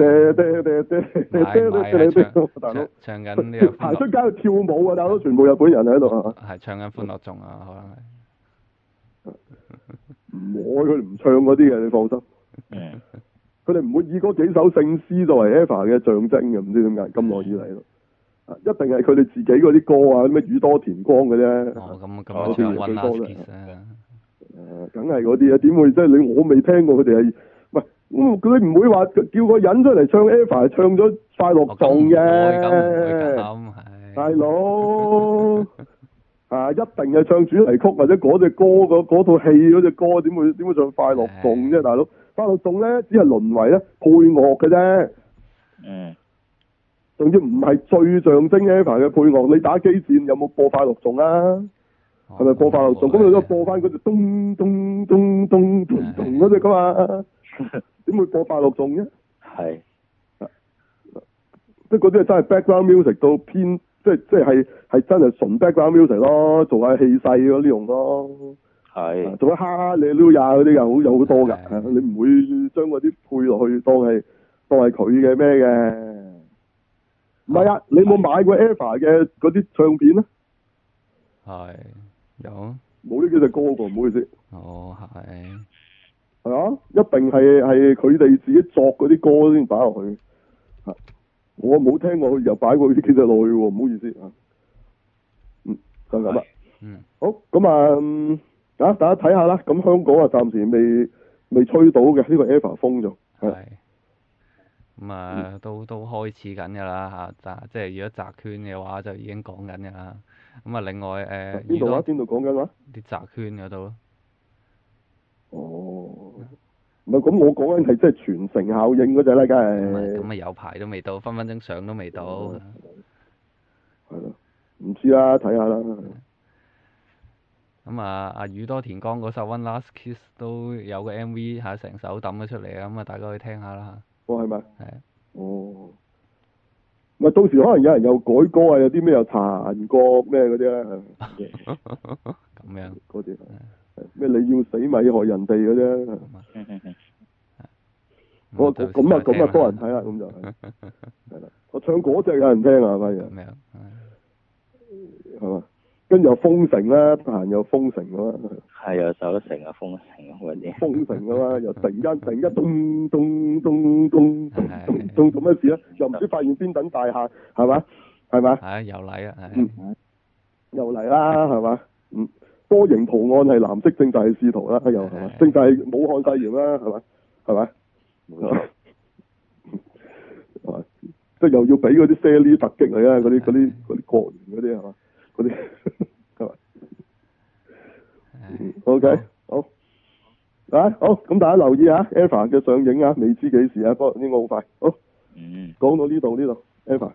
唱緊。唱行出街去跳舞啊！大家都全部日本人喺度啊！係唱緊歡樂頌啊，可能係。唔會，佢哋唔唱嗰啲嘅，你放心。佢哋唔會以嗰幾首聖詩作為 Eva 嘅象徵嘅，唔知點解，咁耐以嚟咯，一定係佢哋自己嗰啲歌的、哦、啊，咩宇多田光嘅啫。咁咁啊，不如揾下先梗係嗰啲啦，點會即係你？我未聽過佢哋係，喂、呃，佢哋唔會話叫個人出嚟唱 Eva，唱咗快樂頌嘅。大佬。啊！一定係唱主題曲或者嗰隻歌，嗰嗰套戲嗰隻歌，點會點會上快樂頌啫？大佬，快樂頌咧只係淪為咧配樂嘅啫。嗯，仲要唔係最象徵嘅排嘅配樂。你打機戰有冇播快樂頌啊？係、哦、咪播快樂頌？咁你都播翻嗰隻咚咚咚咚咚咚嗰隻噶嘛？點、嗯啊、 會播快樂頌啫？係，即係嗰啲係真係 background music 到偏。即係即係係係真係純 background music 咯、啊，做下氣勢嗰啲用咯，係做下哈哈你 new 呀嗰啲又好有好多噶，你唔會將嗰啲配落去當係當係佢嘅咩嘅？唔係啊，你冇買過 Eva 嘅嗰啲唱片啊？係有，冇呢幾隻歌喎，唔好意思。哦、oh，係係啊，一定係係佢哋自己作嗰啲歌先擺落去。我冇聽過，我又擺過啲幾隻落去喎，唔好意思嚇。嗯，就咁啦。嗯。好，咁啊、嗯，大家大家睇下啦。咁香港啊，暫時未未吹到嘅呢、這個 EVA 風咗，係。咁啊、嗯嗯，都都開始緊㗎啦嚇，宅即係如果宅圈嘅話，就已經講緊㗎啦。咁啊，另外誒，邊、呃、度啊？邊度講緊㗎？啲宅圈嗰度。哦。咁，我講緊係即係全城效應嗰隻啦，梗係。咁、嗯嗯、啊，有排都未到，分分鐘上都未到。係咯，唔知啦，睇下啦。咁啊，阿宇多田光嗰首《One Last Kiss》都有個 MV 嚇，成首掟咗出嚟啊！咁啊，大家去聽一下啦嚇。哇，係咪？係。哦。唔係、哦、到時可能有人又改歌啊，有啲咩又殘國咩嗰啲咧。咁 樣。啲咩你要死咪要害人哋嘅啫， 我咁啊咁啊多人睇下，咁就係，係 啦，我唱嗰隻有人聽的的的啊，乜嘢？係嘛，跟住又封城啦，得閒又封城啦，係啊，守得城啊，封城啊，封城噶嘛，又突然間突然間咚咚咚咚咚咚做咩事啊？又唔知發現邊等大廈，係嘛，係嘛？係又嚟啊，係又嚟啦，係嘛？嗯。 波形圖案係藍色政的，正就係仕圖啦，又係嘛？正大武漢肺炎啦，係咪？係咪？係即係又要俾嗰啲 serial 突擊你啊！嗰啲啲啲國員嗰啲係嘛？嗰啲係咪 OK 好啊，好，咁大家留意下 Eva 嘅上映啊，未知幾時啊，不過應該好快，好，講到呢度呢度，Eva。